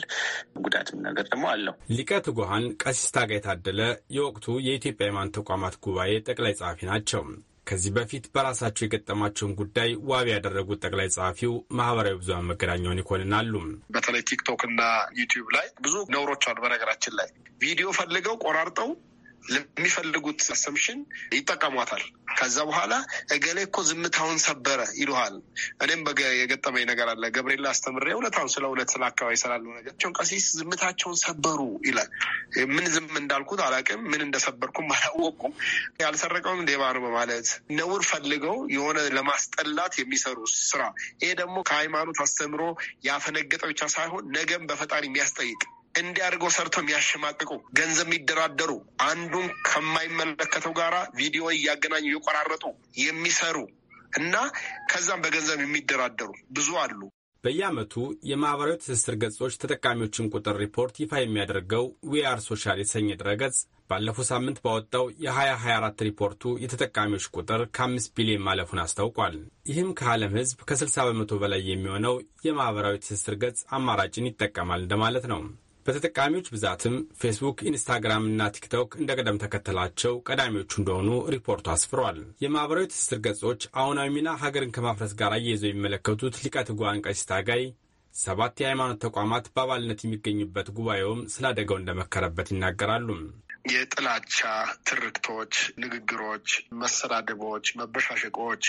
ጉዳትም ነገር ደግሞ አለው። ሊቀ ትጉሃን ቀሲስ ታጋይ ታደለ የወቅቱ የኢትዮጵያ ሃይማኖት ተቋማት ጉባኤ ጠቅላይ ጸሐፊ ናቸው። ከዚህ በፊት በራሳቸው የገጠማቸውን ጉዳይ ዋቢ ያደረጉት ጠቅላይ ጸሐፊው ማህበራዊ ብዙሃን መገናኛውን ይኮንናሉ። በተለይ ቲክቶክ እና ዩቲዩብ ላይ ብዙ ነውሮች አሉ። በነገራችን ላይ ቪዲዮ ፈልገው ቆራርጠው ለሚፈልጉት አሰምሽን ይጠቀሟታል። ከዛ በኋላ እገሌ እኮ ዝምታውን ሰበረ ይሉሃል። እኔም የገጠመኝ ነገር አለ። ገብርኤል አስተምሬ እውነታውን ስለ ሁለት ስለ አካባቢ ስላሉ ነገቸውን ቀሲስ ዝምታቸውን ሰበሩ ይላል። ምን ዝም እንዳልኩት አላውቅም፣ ምን እንደሰበርኩም አላወቁም። ያልሰረቀውም ሌባ ነው በማለት ነውር ፈልገው የሆነ ለማስጠላት የሚሰሩ ስራ። ይሄ ደግሞ ከሃይማኖት አስተምሮ ያፈነገጠ ብቻ ሳይሆን ነገም በፈጣሪ የሚያስጠይቅ እንዲያደርገው ሰርተው የሚያሸማቅቁ ገንዘብ የሚደራደሩ አንዱን ከማይመለከተው ጋራ ቪዲዮ እያገናኙ እየቆራረጡ የሚሰሩ እና ከዛም በገንዘብ የሚደራደሩ ብዙ አሉ። በየዓመቱ የማኅበራዊ ትስስር ገጾች ተጠቃሚዎችን ቁጥር ሪፖርት ይፋ የሚያደርገው ዊአር ሶሻል የተሰኘ ድረገጽ ባለፈው ሳምንት ባወጣው የ2024 ሪፖርቱ የተጠቃሚዎች ቁጥር ከ5 ቢሊዮን ማለፉን አስታውቋል። ይህም ከዓለም ሕዝብ ከ60 በመቶ በላይ የሚሆነው የማኅበራዊ ትስስር ገጽ አማራጭን ይጠቀማል እንደማለት ነው። በተጠቃሚዎች ብዛትም ፌስቡክ፣ ኢንስታግራም እና ቲክቶክ እንደ ቅደም ተከተላቸው ቀዳሚዎቹ እንደሆኑ ሪፖርቱ አስፍሯል። የማህበራዊ ትስስር ገጾች አሁናዊ ሚና ሀገርን ከማፍረስ ጋር አያይዘው የሚመለከቱት ሊቀ ትጉሃን ቀሲስ ታጋይ ሰባት የሃይማኖት ተቋማት በአባልነት የሚገኙበት ጉባኤውም ስለ አደጋው እንደመከረበት ይናገራሉ። የጥላቻ ትርክቶች፣ ንግግሮች፣ መሰዳደቦች፣ መበሻሸቆች፣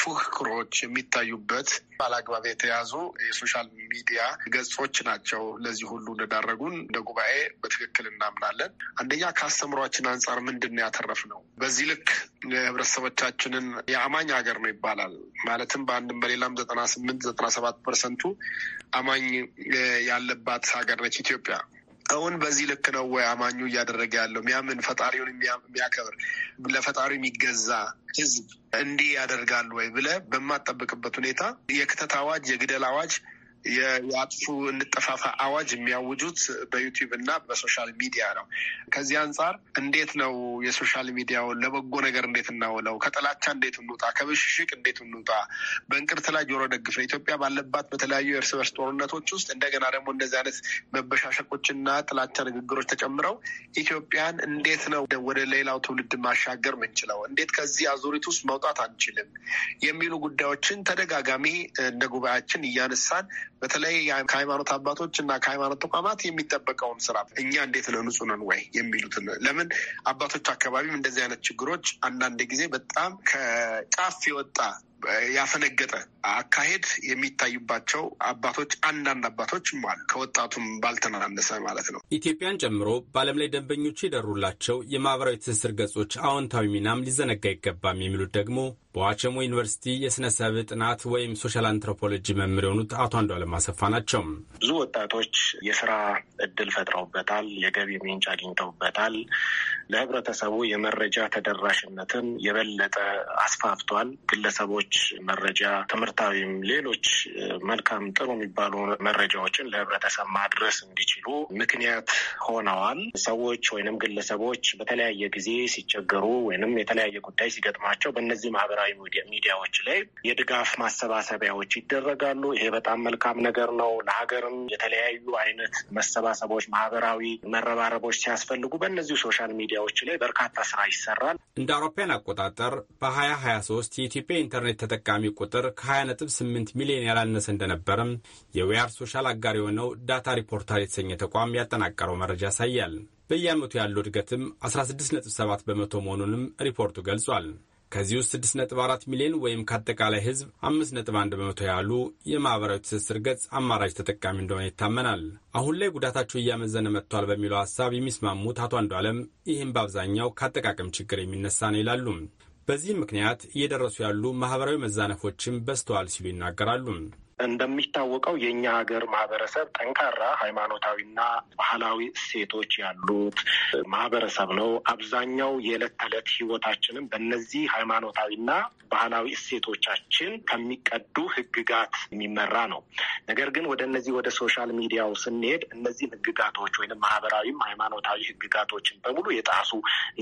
ፉክክሮች የሚታዩበት ባላግባብ የተያዙ የሶሻል ሚዲያ ገጾች ናቸው። ለዚህ ሁሉ እንደዳረጉን እንደ ጉባኤ በትክክል እናምናለን። አንደኛ ከአስተምሯችን አንጻር ምንድን ነው በዚህ ልክ የህብረተሰቦቻችንን የአማኝ ሀገር ነው ይባላል። ማለትም በአንድም በሌላም ዘጠና ስምንት ዘጠና ሰባት ፐርሰንቱ አማኝ ያለባት ሀገር ነች ኢትዮጵያ። እውን በዚህ ልክ ነው ወይ አማኙ እያደረገ ያለው ሚያምን ፈጣሪውን የሚያከብር ለፈጣሪው የሚገዛ ህዝብ እንዲህ ያደርጋል ወይ ብለ በማጠብቅበት ሁኔታ የክተት አዋጅ የግደል አዋጅ የአጥፉ እንጠፋፋ አዋጅ የሚያውጁት በዩቲዩብ እና በሶሻል ሚዲያ ነው። ከዚህ አንጻር እንዴት ነው የሶሻል ሚዲያውን ለበጎ ነገር እንዴት እናውለው? ከጥላቻ እንዴት እንውጣ? ከብሽሽቅ እንዴት እንውጣ? በእንቅርት ላይ ጆሮ ደግፍ። ኢትዮጵያ ባለባት በተለያዩ የእርስ በርስ ጦርነቶች ውስጥ እንደገና ደግሞ እንደዚህ አይነት መበሻሸቆችና ጥላቻ ንግግሮች ተጨምረው ኢትዮጵያን እንዴት ነው ወደ ሌላው ትውልድ ማሻገር ምንችለው? እንዴት ከዚህ አዙሪት ውስጥ መውጣት አንችልም? የሚሉ ጉዳዮችን ተደጋጋሚ እንደ ጉባኤያችን እያነሳን በተለይ ከሃይማኖት አባቶች እና ከሃይማኖት ተቋማት የሚጠበቀውን ስራ እኛ እንዴት ለንጹ ነን ወይ የሚሉትን ለምን አባቶች አካባቢም እንደዚህ አይነት ችግሮች አንዳንድ ጊዜ በጣም ከጫፍ የወጣ ያፈነገጠ አካሄድ የሚታዩባቸው አባቶች አንዳንድ አባቶችም አሉ። ከወጣቱም ባልተናነሰ ማለት ነው። ኢትዮጵያን ጨምሮ በዓለም ላይ ደንበኞቹ የደሩላቸው የማህበራዊ ትስስር ገጾች አዎንታዊ ሚናም ሊዘነጋ አይገባም የሚሉት ደግሞ በዋቸሞ ዩኒቨርሲቲ የስነ ሰብ ጥናት ወይም ሶሻል አንትሮፖሎጂ መምህር የሆኑት አቶ አንዷለም አሰፋ ናቸው። ብዙ ወጣቶች የስራ እድል ፈጥረውበታል፣ የገቢ ምንጭ አግኝተውበታል። ለህብረተሰቡ የመረጃ ተደራሽነትን የበለጠ አስፋፍቷል። ግለሰቦች መረጃ፣ ትምህርታዊም፣ ሌሎች መልካም ጥሩ የሚባሉ መረጃዎችን ለህብረተሰብ ማድረስ እንዲችሉ ምክንያት ሆነዋል። ሰዎች ወይንም ግለሰቦች በተለያየ ጊዜ ሲቸገሩ ወይንም የተለያየ ጉዳይ ሲገጥማቸው በእነዚህ ማህበራዊ ሚዲያዎች ላይ የድጋፍ ማሰባሰቢያዎች ይደረጋሉ። ይሄ በጣም መልካም ነገር ነው። ለሀገርም የተለያዩ አይነት መሰባሰቦች፣ ማህበራዊ መረባረቦች ሲያስፈልጉ በእነዚሁ ሶሻል ሚዲያዎች ላይ በርካታ ስራ ይሰራል። እንደ አውሮፓውያን አቆጣጠር በሀያ ሀያ ሶስት የኢትዮጵያ ኢንተርኔት ኢንተርኔት ተጠቃሚ ቁጥር ከ 28 ሚሊዮን ያላነሰ እንደነበርም የዊያር ሶሻል አጋር የሆነው ዳታ ሪፖርተር የተሰኘ ተቋም ያጠናቀረው መረጃ ያሳያል። በየዓመቱ ያለው እድገትም 16.7 በመቶ መሆኑንም ሪፖርቱ ገልጿል። ከዚህ ውስጥ 6.4 ሚሊዮን ወይም ከአጠቃላይ ሕዝብ 5.1 በመቶ ያሉ የማኅበራዊ ትስስር ገጽ አማራጭ ተጠቃሚ እንደሆነ ይታመናል። አሁን ላይ ጉዳታቸው እያመዘነ መጥቷል በሚለው ሐሳብ የሚስማሙት አቶ አንዱ ዓለም ይህም በአብዛኛው ከአጠቃቀም ችግር የሚነሳ ነው ይላሉም። በዚህም ምክንያት እየደረሱ ያሉ ማህበራዊ መዛነፎችም በስተዋል ሲሉ ይናገራሉ። እንደሚታወቀው የእኛ ሀገር ማህበረሰብ ጠንካራ ሃይማኖታዊና ባህላዊ እሴቶች ያሉት ማህበረሰብ ነው። አብዛኛው የዕለት ተዕለት ህይወታችንም በእነዚህ ሃይማኖታዊና ባህላዊ እሴቶቻችን ከሚቀዱ ህግጋት የሚመራ ነው። ነገር ግን ወደ እነዚህ ወደ ሶሻል ሚዲያው ስንሄድ እነዚህን ህግጋቶች ወይም ማህበራዊም ሃይማኖታዊ ህግጋቶችን በሙሉ የጣሱ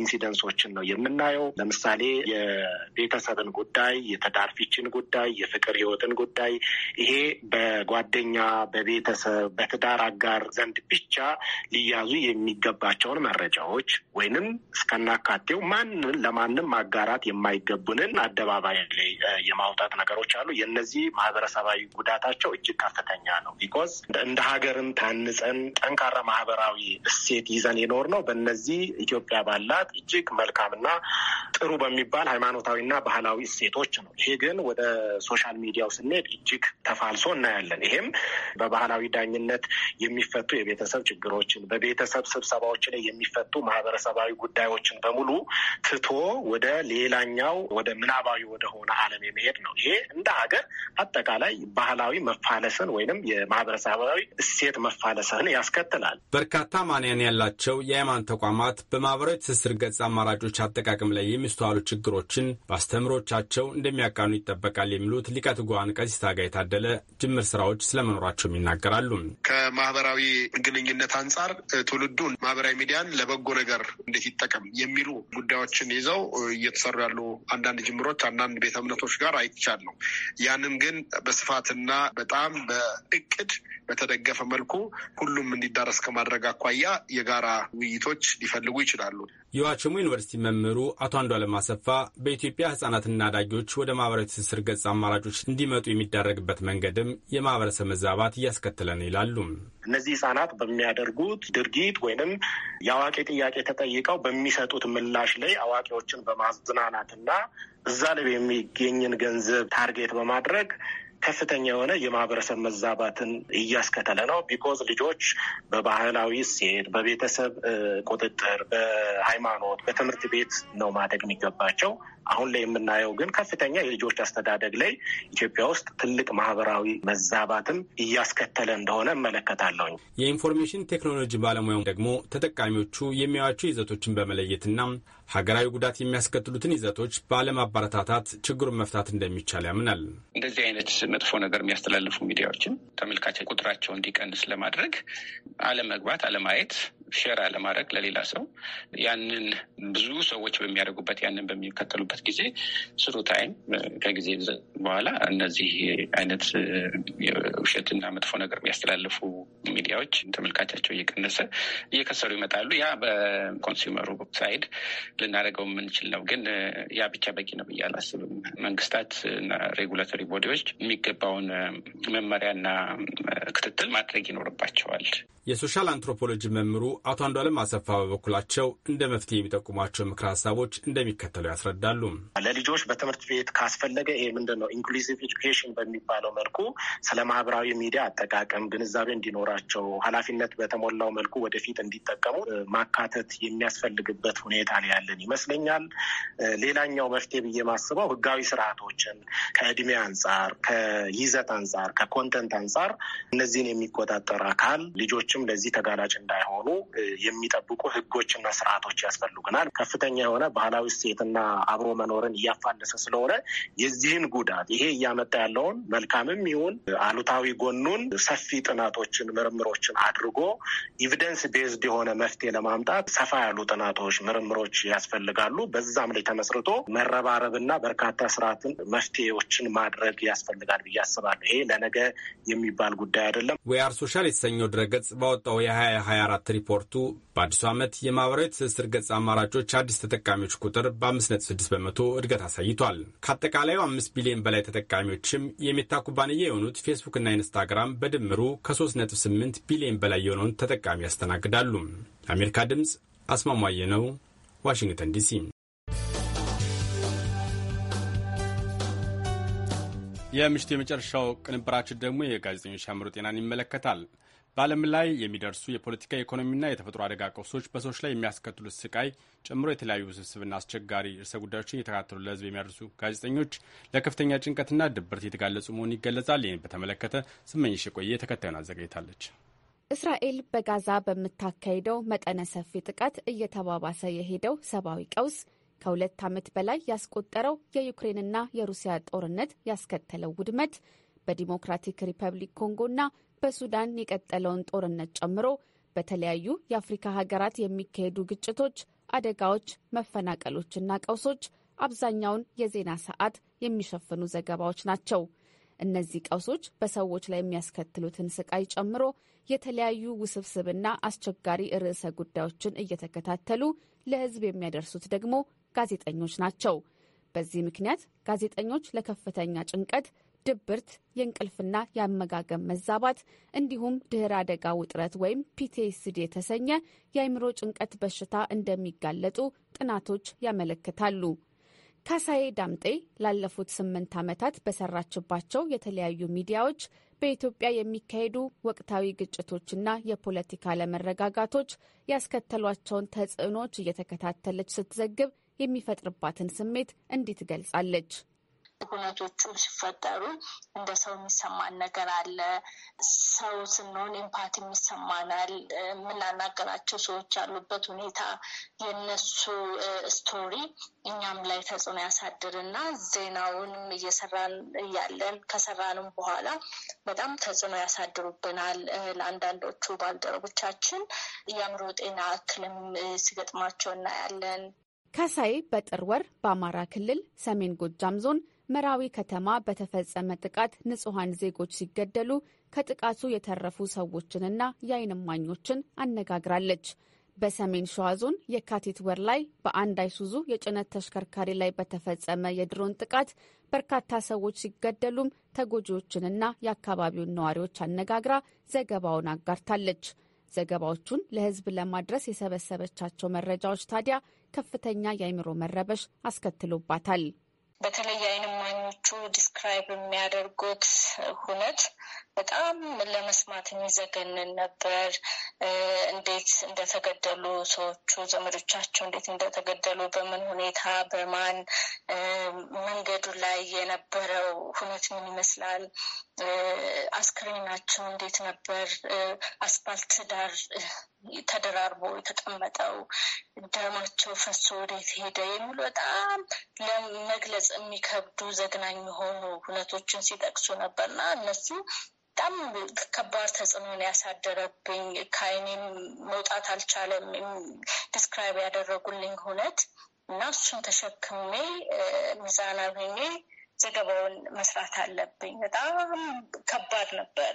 ኢንሲደንሶችን ነው የምናየው። ለምሳሌ የቤተሰብን ጉዳይ፣ የተዳርፊችን ጉዳይ፣ የፍቅር ህይወትን ጉዳይ ይሄ በጓደኛ በቤተሰብ በትዳር አጋር ዘንድ ብቻ ሊያዙ የሚገባቸውን መረጃዎች ወይንም እስከናካቴው ማንን ለማንም ማጋራት የማይገቡንን አደባባይ ላይ የማውጣት ነገሮች አሉ። የነዚህ ማህበረሰባዊ ጉዳታቸው እጅግ ከፍተኛ ነው። ቢኮዝ እንደ ሀገርን ታንጸን ጠንካራ ማህበራዊ እሴት ይዘን የኖር ነው። በነዚህ ኢትዮጵያ ባላት እጅግ መልካምና ጥሩ በሚባል ሃይማኖታዊና ባህላዊ እሴቶች ነው። ይሄ ግን ወደ ሶሻል ሚዲያው ስንሄድ እጅግ ተፋልሶ እናያለን። ይሄም በባህላዊ ዳኝነት የሚፈቱ የቤተሰብ ችግሮችን፣ በቤተሰብ ስብሰባዎች ላይ የሚፈቱ ማህበረሰባዊ ጉዳዮችን በሙሉ ትቶ ወደ ሌላኛው ወደ ምናባዊ ወደሆነ ዓለም የመሄድ ነው። ይሄ እንደ ሀገር አጠቃላይ ባህላዊ መፋለስን ወይንም የማህበረሰባዊ እሴት መፋለስን ያስከትላል። በርካታ ማንያን ያላቸው የሃይማኖት ተቋማት በማህበራዊ ትስስር ገጽ አማራጮች አጠቃቀም ላይ የሚስተዋሉ ችግሮችን በአስተምሮቻቸው እንደሚያቃኑ ይጠበቃል የሚሉት ሊቀ ትጉሃን ቀሲስ ታጋይ ታደለ ያለ ጅምር ስራዎች ስለመኖራቸውም ይናገራሉ። ከማህበራዊ ግንኙነት አንጻር ትውልዱን ማህበራዊ ሚዲያን ለበጎ ነገር እንዴት ይጠቀም የሚሉ ጉዳዮችን ይዘው እየተሰሩ ያሉ አንዳንድ ጅምሮች አንዳንድ ቤተ እምነቶች ጋር አይቻል ነው። ያንም ግን በስፋትና በጣም በእቅድ በተደገፈ መልኩ ሁሉም እንዲዳረስ ከማድረግ አኳያ የጋራ ውይይቶች ሊፈልጉ ይችላሉ። የዋቸሞ ዩኒቨርሲቲ መምህሩ አቶ አንዷለም አሰፋ በኢትዮጵያ ህጻናትና አዳጊዎች ወደ ማህበራዊ ትስስር ገጽ አማራጮች እንዲመጡ የሚደረግበት መንገድም የማህበረሰብ መዛባት እያስከተለ ነው ይላሉ። እነዚህ ህጻናት በሚያደርጉት ድርጊት ወይንም የአዋቂ ጥያቄ ተጠይቀው በሚሰጡት ምላሽ ላይ አዋቂዎችን በማዝናናትና እዛ ላይ የሚገኝን ገንዘብ ታርጌት በማድረግ ከፍተኛ የሆነ የማህበረሰብ መዛባትን እያስከተለ ነው። ቢኮዝ ልጆች በባህላዊ እሴት፣ በቤተሰብ ቁጥጥር፣ በሃይማኖት፣ በትምህርት ቤት ነው ማደግ የሚገባቸው። አሁን ላይ የምናየው ግን ከፍተኛ የልጆች አስተዳደግ ላይ ኢትዮጵያ ውስጥ ትልቅ ማህበራዊ መዛባትን እያስከተለ እንደሆነ እመለከታለሁኝ። የኢንፎርሜሽን ቴክኖሎጂ ባለሙያው ደግሞ ተጠቃሚዎቹ የሚያዩዋቸው ይዘቶችን በመለየትና ሀገራዊ ጉዳት የሚያስከትሉትን ይዘቶች ባለማበረታታት ችግሩን መፍታት እንደሚቻል ያምናል። እንደዚህ አይነት መጥፎ ነገር የሚያስተላልፉ ሚዲያዎችን ተመልካች ቁጥራቸው እንዲቀንስ ለማድረግ አለመግባት፣ አለማየት ሼር አለማድረግ ለሌላ ሰው ያንን ብዙ ሰዎች በሚያደርጉበት ያንን በሚከተሉበት ጊዜ ስሩ ታይም ከጊዜ በኋላ እነዚህ አይነት ውሸትና መጥፎ ነገር የሚያስተላልፉ ሚዲያዎች ተመልካቻቸው እየቀነሰ እየከሰሩ ይመጣሉ። ያ በኮንሱመሩ ሳይድ ልናደርገው የምንችል ነው፣ ግን ያ ብቻ በቂ ነው ብዬ አላስብም። መንግስታት እና ሬጉላቶሪ ቦዲዎች የሚገባውን መመሪያና ክትትል ማድረግ ይኖርባቸዋል። የሶሻል አንትሮፖሎጂ መምህሩ አቶ አንዷለም አሰፋ በበኩላቸው እንደ መፍትሄ የሚጠቁሟቸው ምክር ሀሳቦች እንደሚከተለው ያስረዳሉ። ለልጆች በትምህርት ቤት ካስፈለገ ይሄ ምንድን ነው ኢንክሉዚቭ ኤጁኬሽን በሚባለው መልኩ ስለ ማህበራዊ ሚዲያ አጠቃቀም ግንዛቤ እንዲኖራቸው፣ ኃላፊነት በተሞላው መልኩ ወደፊት እንዲጠቀሙ ማካተት የሚያስፈልግበት ሁኔታ ላይ ያለን ይመስለኛል። ሌላኛው መፍትሄ ብዬ ማስበው ህጋዊ ስርዓቶችን ከእድሜ አንጻር፣ ከይዘት አንጻር፣ ከኮንተንት አንጻር እነዚህን የሚቆጣጠር አካል ልጆችም ለዚህ ተጋላጭ እንዳይሆኑ የሚጠብቁ ህጎችና ስርዓቶች ያስፈልጉናል። ከፍተኛ የሆነ ባህላዊ እሴትና አብሮ መኖርን እያፋለሰ ስለሆነ የዚህን ጉዳት ይሄ እያመጣ ያለውን መልካምም ይሁን አሉታዊ ጎኑን ሰፊ ጥናቶችን፣ ምርምሮችን አድርጎ ኢቪደንስ ቤዝድ የሆነ መፍትሄ ለማምጣት ሰፋ ያሉ ጥናቶች፣ ምርምሮች ያስፈልጋሉ። በዛም ላይ ተመስርቶ መረባረብና በርካታ ስርዓትን መፍትሄዎችን ማድረግ ያስፈልጋል ብዬ አስባለሁ። ይሄ ለነገ የሚባል ጉዳይ አይደለም። ዌአር ሶሻል የተሰኘው ድረገጽ ባወጣው የ2024 ሪፖርት ሪፖርቱ በአዲሱ ዓመት የማኅበራዊ ትስስር ገጽ አማራጮች አዲስ ተጠቃሚዎች ቁጥር በ5.6 በመቶ እድገት አሳይቷል። ከአጠቃላዩ 5 ቢሊዮን በላይ ተጠቃሚዎችም የሜታ ኩባንያ የሆኑት ፌስቡክና ኢንስታግራም በድምሩ ከ3.8 ቢሊዮን በላይ የሆነውን ተጠቃሚ ያስተናግዳሉ። የአሜሪካ ድምፅ አስማማየ ነው፣ ዋሽንግተን ዲሲ። የምሽቱ የመጨረሻው ቅንብራችን ደግሞ የጋዜጠኞች አእምሮ ጤናን ይመለከታል። በዓለም ላይ የሚደርሱ የፖለቲካ የኢኮኖሚና የተፈጥሮ አደጋ ቀውሶች በሰዎች ላይ የሚያስከትሉት ስቃይ ጨምሮ የተለያዩ ውስብስብና አስቸጋሪ ርዕሰ ጉዳዮችን እየተከታተሉ ለህዝብ የሚያደርሱ ጋዜጠኞች ለከፍተኛ ጭንቀትና ድብርት የተጋለጹ መሆኑ ይገለጻል። ይህን በተመለከተ ስመኝሽ የቆየ ተከታዩን አዘጋጅታለች። እስራኤል በጋዛ በምታካሄደው መጠነ ሰፊ ጥቃት እየተባባሰ የሄደው ሰብአዊ ቀውስ ከሁለት ዓመት በላይ ያስቆጠረው የዩክሬንና የሩሲያ ጦርነት ያስከተለው ውድመት በዲሞክራቲክ ሪፐብሊክ ኮንጎና በሱዳን የቀጠለውን ጦርነት ጨምሮ በተለያዩ የአፍሪካ ሀገራት የሚካሄዱ ግጭቶች፣ አደጋዎች፣ መፈናቀሎችና ቀውሶች አብዛኛውን የዜና ሰዓት የሚሸፍኑ ዘገባዎች ናቸው። እነዚህ ቀውሶች በሰዎች ላይ የሚያስከትሉትን ስቃይ ጨምሮ የተለያዩ ውስብስብና አስቸጋሪ ርዕሰ ጉዳዮችን እየተከታተሉ ለሕዝብ የሚያደርሱት ደግሞ ጋዜጠኞች ናቸው። በዚህ ምክንያት ጋዜጠኞች ለከፍተኛ ጭንቀት፣ ድብርት፣ የእንቅልፍና የአመጋገብ መዛባት እንዲሁም ድህረ አደጋ ውጥረት ወይም ፒቲኤስዲ የተሰኘ የአይምሮ ጭንቀት በሽታ እንደሚጋለጡ ጥናቶች ያመለክታሉ። ካሳዬ ዳምጤ ላለፉት ስምንት ዓመታት በሰራችባቸው የተለያዩ ሚዲያዎች በኢትዮጵያ የሚካሄዱ ወቅታዊ ግጭቶችና የፖለቲካ አለመረጋጋቶች ያስከተሏቸውን ተጽዕኖዎች እየተከታተለች ስትዘግብ የሚፈጥርባትን ስሜት እንዲህ ትገልጻለች። ሁነቶቹም ሲፈጠሩ እንደ ሰው የሚሰማን ነገር አለ። ሰው ስንሆን ኤምፓቲም ይሰማናል። የምናናገራቸው ሰዎች ያሉበት ሁኔታ የነሱ ስቶሪ እኛም ላይ ተጽዕኖ ያሳድርና ዜናውንም እየሰራን እያለን ከሰራንም በኋላ በጣም ተጽዕኖ ያሳድሩብናል። ለአንዳንዶቹ ባልደረቦቻችን የአእምሮ ጤና እክልም ሲገጥማቸው እናያለን። ከሳይ በጥር ወር በአማራ ክልል ሰሜን ጎጃም ዞን መራዊ ከተማ በተፈጸመ ጥቃት ንጹሐን ዜጎች ሲገደሉ ከጥቃቱ የተረፉ ሰዎችንና የአይንማኞችን አነጋግራለች። በሰሜን ሸዋ ዞን የካቲት ወር ላይ በአንድ አይሱዙ የጭነት ተሽከርካሪ ላይ በተፈጸመ የድሮን ጥቃት በርካታ ሰዎች ሲገደሉም ተጎጂዎችንና የአካባቢውን ነዋሪዎች አነጋግራ ዘገባውን አጋርታለች። ዘገባዎቹን ለሕዝብ ለማድረስ የሰበሰበቻቸው መረጃዎች ታዲያ ከፍተኛ የአይምሮ መረበሽ አስከትሎባታል። በተለይ አይን እማኞቹ ዲስክራይብ የሚያደርጉት ሁነት በጣም ለመስማት የሚዘገንን ነበር። እንዴት እንደተገደሉ ሰዎቹ ዘመዶቻቸው እንዴት እንደተገደሉ፣ በምን ሁኔታ፣ በማን መንገዱ ላይ የነበረው ሁነት ምን ይመስላል፣ አስክሬናቸው እንዴት ነበር፣ አስፓልት ዳር ተደራርቦ የተቀመጠው ደማቸው ፈሶ ወዴት ሄደ የሚሉ በጣም ለመግለጽ የሚከብዱ ዘግናኝ የሆኑ ሁነቶችን ሲጠቅሱ ነበርና እነሱ በጣም ከባድ ተጽዕኖን ያሳደረብኝ ከአይኔም መውጣት አልቻለም። ዲስክራይብ ያደረጉልኝ ሁነት እና እሱን ተሸክሜ ሚዛናዊ ዘገባውን መስራት አለብኝ። በጣም ከባድ ነበር።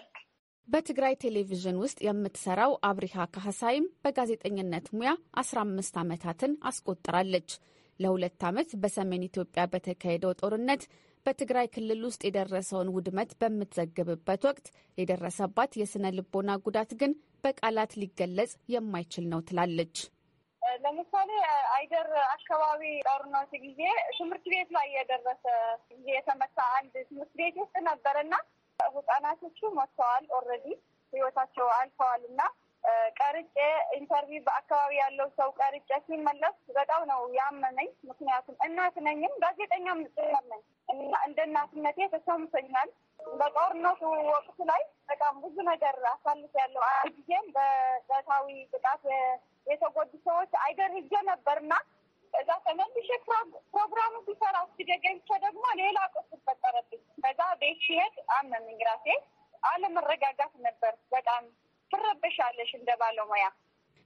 በትግራይ ቴሌቪዥን ውስጥ የምትሰራው አብሪሃ ካህሳይም በጋዜጠኝነት ሙያ 15 ዓመታትን አስቆጥራለች። ለሁለት ዓመት በሰሜን ኢትዮጵያ በተካሄደው ጦርነት በትግራይ ክልል ውስጥ የደረሰውን ውድመት በምትዘግብበት ወቅት የደረሰባት የስነ ልቦና ጉዳት ግን በቃላት ሊገለጽ የማይችል ነው ትላለች። ለምሳሌ አይደር አካባቢ ጦርነት ጊዜ ትምህርት ቤት ላይ የደረሰ ጊዜ የተመታ አንድ ትምህርት ቤት ውስጥ ነበርና ህጻናቶቹ መጥተዋል፣ ኦልሬዲ ህይወታቸው አልፈዋል እና ቀርጬ ኢንተርቪው በአካባቢ ያለው ሰው ቀርጬ ሲመለስ በጣም ነው ያመመኝ። ምክንያቱም እናት ነኝም ጋዜጠኛም ጭምር እንደ እናትነቴ ተሰምቶኛል። በጦርነቱ ወቅት ላይ በጣም ብዙ ነገር አሳልፍ አሳልፌያለሁ። ጊዜም በጾታዊ ጥቃት የተጎዱ ሰዎች አይደር ሂጄ ነበርና እዛ ተመልሼ ፕሮግራሙ ሲሰራ እስኪደገብቸ ደግሞ ሌላ ቁስ ይፈጠረብኝ። ከዛ ቤት ሲሄድ አመመኝ፣ ራሴ አለመረጋጋት ነበር። በጣም ትረበሻለሽ እንደ ባለሙያ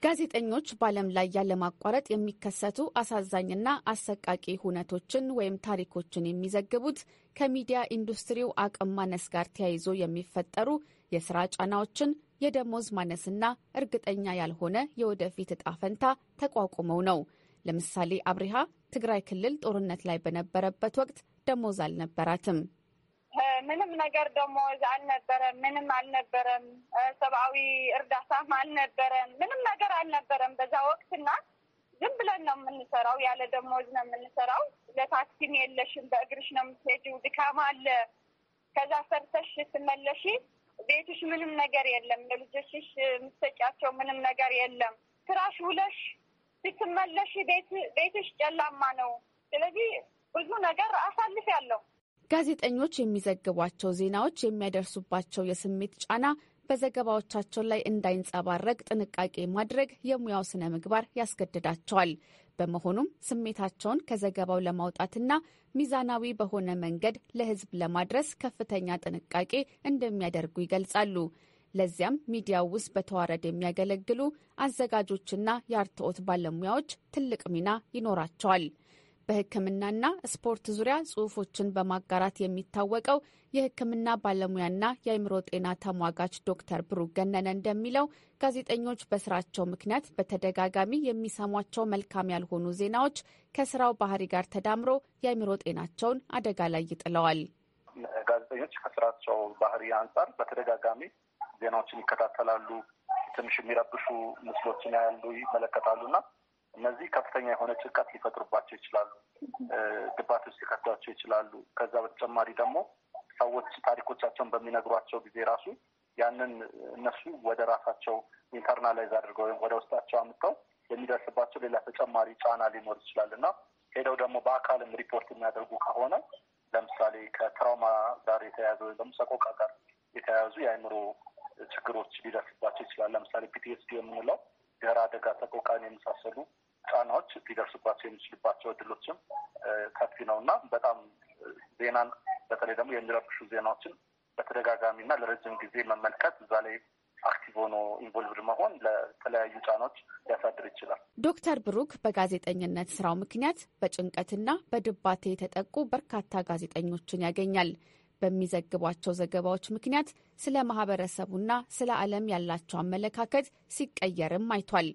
ጋዜጠኞች በዓለም ላይ ያለማቋረጥ የሚከሰቱ አሳዛኝና አሰቃቂ ሁነቶችን ወይም ታሪኮችን የሚዘግቡት ከሚዲያ ኢንዱስትሪው አቅም ማነስ ጋር ተያይዞ የሚፈጠሩ የስራ ጫናዎችን፣ የደሞዝ ማነስና እርግጠኛ ያልሆነ የወደፊት እጣ ፈንታ ተቋቁመው ነው። ለምሳሌ አብሪሃ ትግራይ ክልል ጦርነት ላይ በነበረበት ወቅት ደሞዝ አልነበራትም። ምንም ነገር ደሞዝ አልነበረም። ምንም አልነበረም። ሰብአዊ እርዳታም አልነበረም። ምንም ነገር አልነበረም በዛ ወቅትና ዝም ብለን ነው የምንሰራው። ያለ ደሞዝ ነው የምንሰራው። ለታክሲም የለሽም፣ በእግርሽ ነው የምትሄጂው። ድካም አለ። ከዛ ሰርተሽ ስትመለሺ ቤትሽ ምንም ነገር የለም። ለልጆችሽ የምትሰጫቸው ምንም ነገር የለም። ትራሽ ውለሽ ስትመለሽ ቤትሽ ጨለማ ነው። ስለዚህ ብዙ ነገር ያለው ጋዜጠኞች የሚዘግቧቸው ዜናዎች የሚያደርሱባቸው የስሜት ጫና በዘገባዎቻቸው ላይ እንዳይንጸባረቅ ጥንቃቄ ማድረግ የሙያው ስነ ምግባር ያስገድዳቸዋል። በመሆኑም ስሜታቸውን ከዘገባው ለማውጣትና ሚዛናዊ በሆነ መንገድ ለሕዝብ ለማድረስ ከፍተኛ ጥንቃቄ እንደሚያደርጉ ይገልጻሉ። ለዚያም ሚዲያው ውስጥ በተዋረድ የሚያገለግሉ አዘጋጆችና የአርትዖት ባለሙያዎች ትልቅ ሚና ይኖራቸዋል። በሕክምናና ስፖርት ዙሪያ ጽሁፎችን በማጋራት የሚታወቀው የሕክምና ባለሙያና የአእምሮ ጤና ተሟጋች ዶክተር ብሩክ ገነነ እንደሚለው ጋዜጠኞች በስራቸው ምክንያት በተደጋጋሚ የሚሰሟቸው መልካም ያልሆኑ ዜናዎች ከስራው ባህሪ ጋር ተዳምሮ የአእምሮ ጤናቸውን አደጋ ላይ ይጥለዋል። ጋዜጠኞች ከስራቸው ባህሪ አንጻር በተደጋጋሚ ዜናዎችን ይከታተላሉ። ትንሽ የሚረብሹ ምስሎችን ያሉ ይመለከታሉ እና እነዚህ ከፍተኛ የሆነ ጭንቀት ሊፈጥሩባቸው ይችላሉ። ድባት ውስጥ ሊከቷቸው ይችላሉ። ከዛ በተጨማሪ ደግሞ ሰዎች ታሪኮቻቸውን በሚነግሯቸው ጊዜ ራሱ ያንን እነሱ ወደ ራሳቸው ኢንተርናላይዝ አድርገው ወይም ወደ ውስጣቸው አምጥተው የሚደርስባቸው ሌላ ተጨማሪ ጫና ሊኖር ይችላል እና ሄደው ደግሞ በአካልም ሪፖርት የሚያደርጉ ከሆነ ለምሳሌ ከትራውማ ጋር የተያያዘ ወይም ደግሞ ሰቆቃ ጋር የተያያዙ የአእምሮ ችግሮች ሊደርስባቸው ይችላል። ለምሳሌ ፒቲኤስዲ የምንለው ድህረ አደጋ ተቆቃን የመሳሰሉ ጫናዎች ሊደርሱባቸው የሚችልባቸው እድሎችም ሰፊ ነው እና በጣም ዜናን በተለይ ደግሞ የሚረብሹ ዜናዎችን በተደጋጋሚ እና ለረጅም ጊዜ መመልከት እዛ ላይ አክቲቭ ሆኖ ኢንቮልቭድ መሆን ለተለያዩ ጫናዎች ሊያሳድር ይችላል። ዶክተር ብሩክ በጋዜጠኝነት ስራው ምክንያት በጭንቀትና በድባቴ የተጠቁ በርካታ ጋዜጠኞችን ያገኛል። በሚዘግቧቸው ዘገባዎች ምክንያት ስለ ማህበረሰቡና ስለ ዓለም ያላቸው አመለካከት ሲቀየርም አይቷል።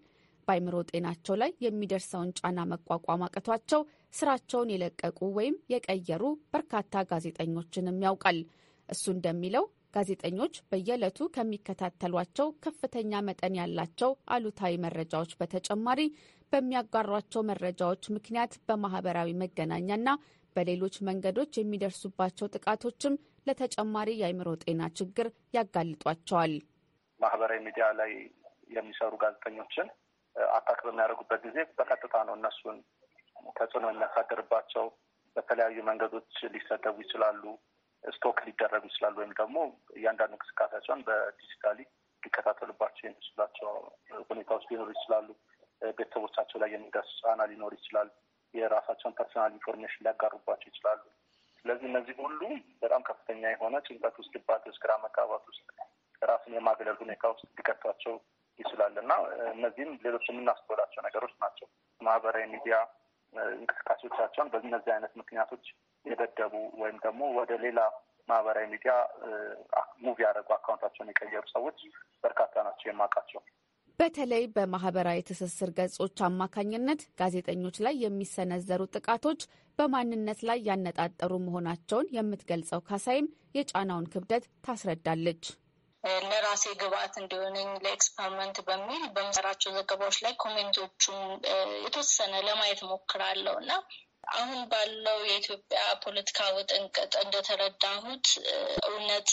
በአይምሮ ጤናቸው ላይ የሚደርሰውን ጫና መቋቋም አቅቷቸው ስራቸውን የለቀቁ ወይም የቀየሩ በርካታ ጋዜጠኞችንም ያውቃል። እሱ እንደሚለው ጋዜጠኞች በየዕለቱ ከሚከታተሏቸው ከፍተኛ መጠን ያላቸው አሉታዊ መረጃዎች በተጨማሪ በሚያጋሯቸው መረጃዎች ምክንያት በማህበራዊ መገናኛና በሌሎች መንገዶች የሚደርሱባቸው ጥቃቶችም ለተጨማሪ የአእምሮ ጤና ችግር ያጋልጧቸዋል። ማህበራዊ ሚዲያ ላይ የሚሰሩ ጋዜጠኞችን አታክ በሚያደርጉበት ጊዜ በቀጥታ ነው እነሱን ተጽዕኖ የሚያሳድርባቸው። በተለያዩ መንገዶች ሊሰደቡ ይችላሉ፣ ስቶክ ሊደረጉ ይችላሉ፣ ወይም ደግሞ እያንዳንዱ እንቅስቃሴያቸውን በዲጂታሊ ሊከታተሉባቸው የሚችላቸው ሁኔታዎች ሊኖሩ ይችላሉ። ቤተሰቦቻቸው ላይ የሚደርስ ጫና ሊኖር ይችላል። የራሳቸውን ፐርሶናል ኢንፎርሜሽን ሊያጋሩባቸው ይችላሉ። ስለዚህ እነዚህ ሁሉ በጣም ከፍተኛ የሆነ ጭንቀት ውስጥ፣ ድባት ውስጥ፣ ግራ መጋባት ውስጥ፣ ራስን የማግለል ሁኔታ ውስጥ ሊከቷቸው ይችላል እና እነዚህም ሌሎች የምናስተውላቸው ነገሮች ናቸው። ማህበራዊ ሚዲያ እንቅስቃሴዎቻቸውን በእነዚህ አይነት ምክንያቶች የደደቡ ወይም ደግሞ ወደ ሌላ ማህበራዊ ሚዲያ ሙቪ ያደረጉ አካውንታቸውን የቀየሩ ሰዎች በርካታ ናቸው የማውቃቸው። በተለይ በማህበራዊ ትስስር ገጾች አማካኝነት ጋዜጠኞች ላይ የሚሰነዘሩ ጥቃቶች በማንነት ላይ ያነጣጠሩ መሆናቸውን የምትገልጸው ካሳይም የጫናውን ክብደት ታስረዳለች። ለራሴ ግብአት እንዲሆነኝ ለኤክስፐሪመንት በሚል በምሰራቸው ዘገባዎች ላይ ኮሜንቶቹን የተወሰነ ለማየት ሞክራለሁ እና አሁን ባለው የኢትዮጵያ ፖለቲካ ውጥንቅጥ እንደተረዳሁት እውነት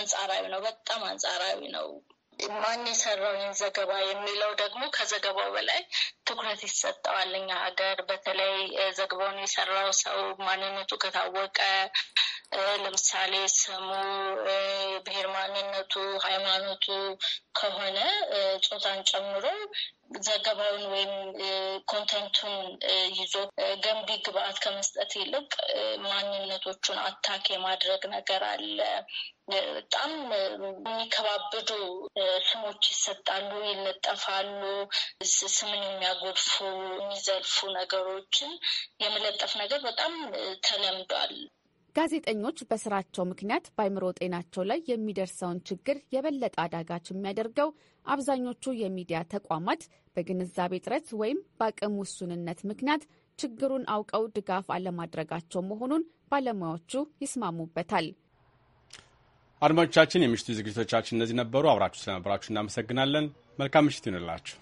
አንጻራዊ ነው፣ በጣም አንጻራዊ ነው። ማን የሰራው ይህን ዘገባ የሚለው ደግሞ ከዘገባው በላይ ትኩረት ይሰጠዋል። እኛ ሀገር በተለይ ዘግባውን የሰራው ሰው ማንነቱ ከታወቀ ለምሳሌ ስሙ፣ ብሔር ማንነቱ፣ ሃይማኖቱ ከሆነ ጾታን ጨምሮ ዘገባውን ወይም ኮንተንቱን ይዞ ገንቢ ግብአት ከመስጠት ይልቅ ማንነቶቹን አታክ የማድረግ ነገር አለ። በጣም የሚከባብዱ ስሞች ይሰጣሉ፣ ይለጠፋሉ። ስምን የሚያጎድፉ የሚዘልፉ ነገሮችን የመለጠፍ ነገር በጣም ተለምዷል። ጋዜጠኞች በስራቸው ምክንያት በአይምሮ ጤናቸው ላይ የሚደርሰውን ችግር የበለጠ አዳጋች የሚያደርገው አብዛኞቹ የሚዲያ ተቋማት በግንዛቤ እጥረት ወይም በአቅም ውሱንነት ምክንያት ችግሩን አውቀው ድጋፍ አለማድረጋቸው መሆኑን ባለሙያዎቹ ይስማሙበታል። አድማጮቻችን፣ የምሽቱ ዝግጅቶቻችን እነዚህ ነበሩ። አብራችሁ ስለነበራችሁ እናመሰግናለን። መልካም ምሽት ይሁንላችሁ።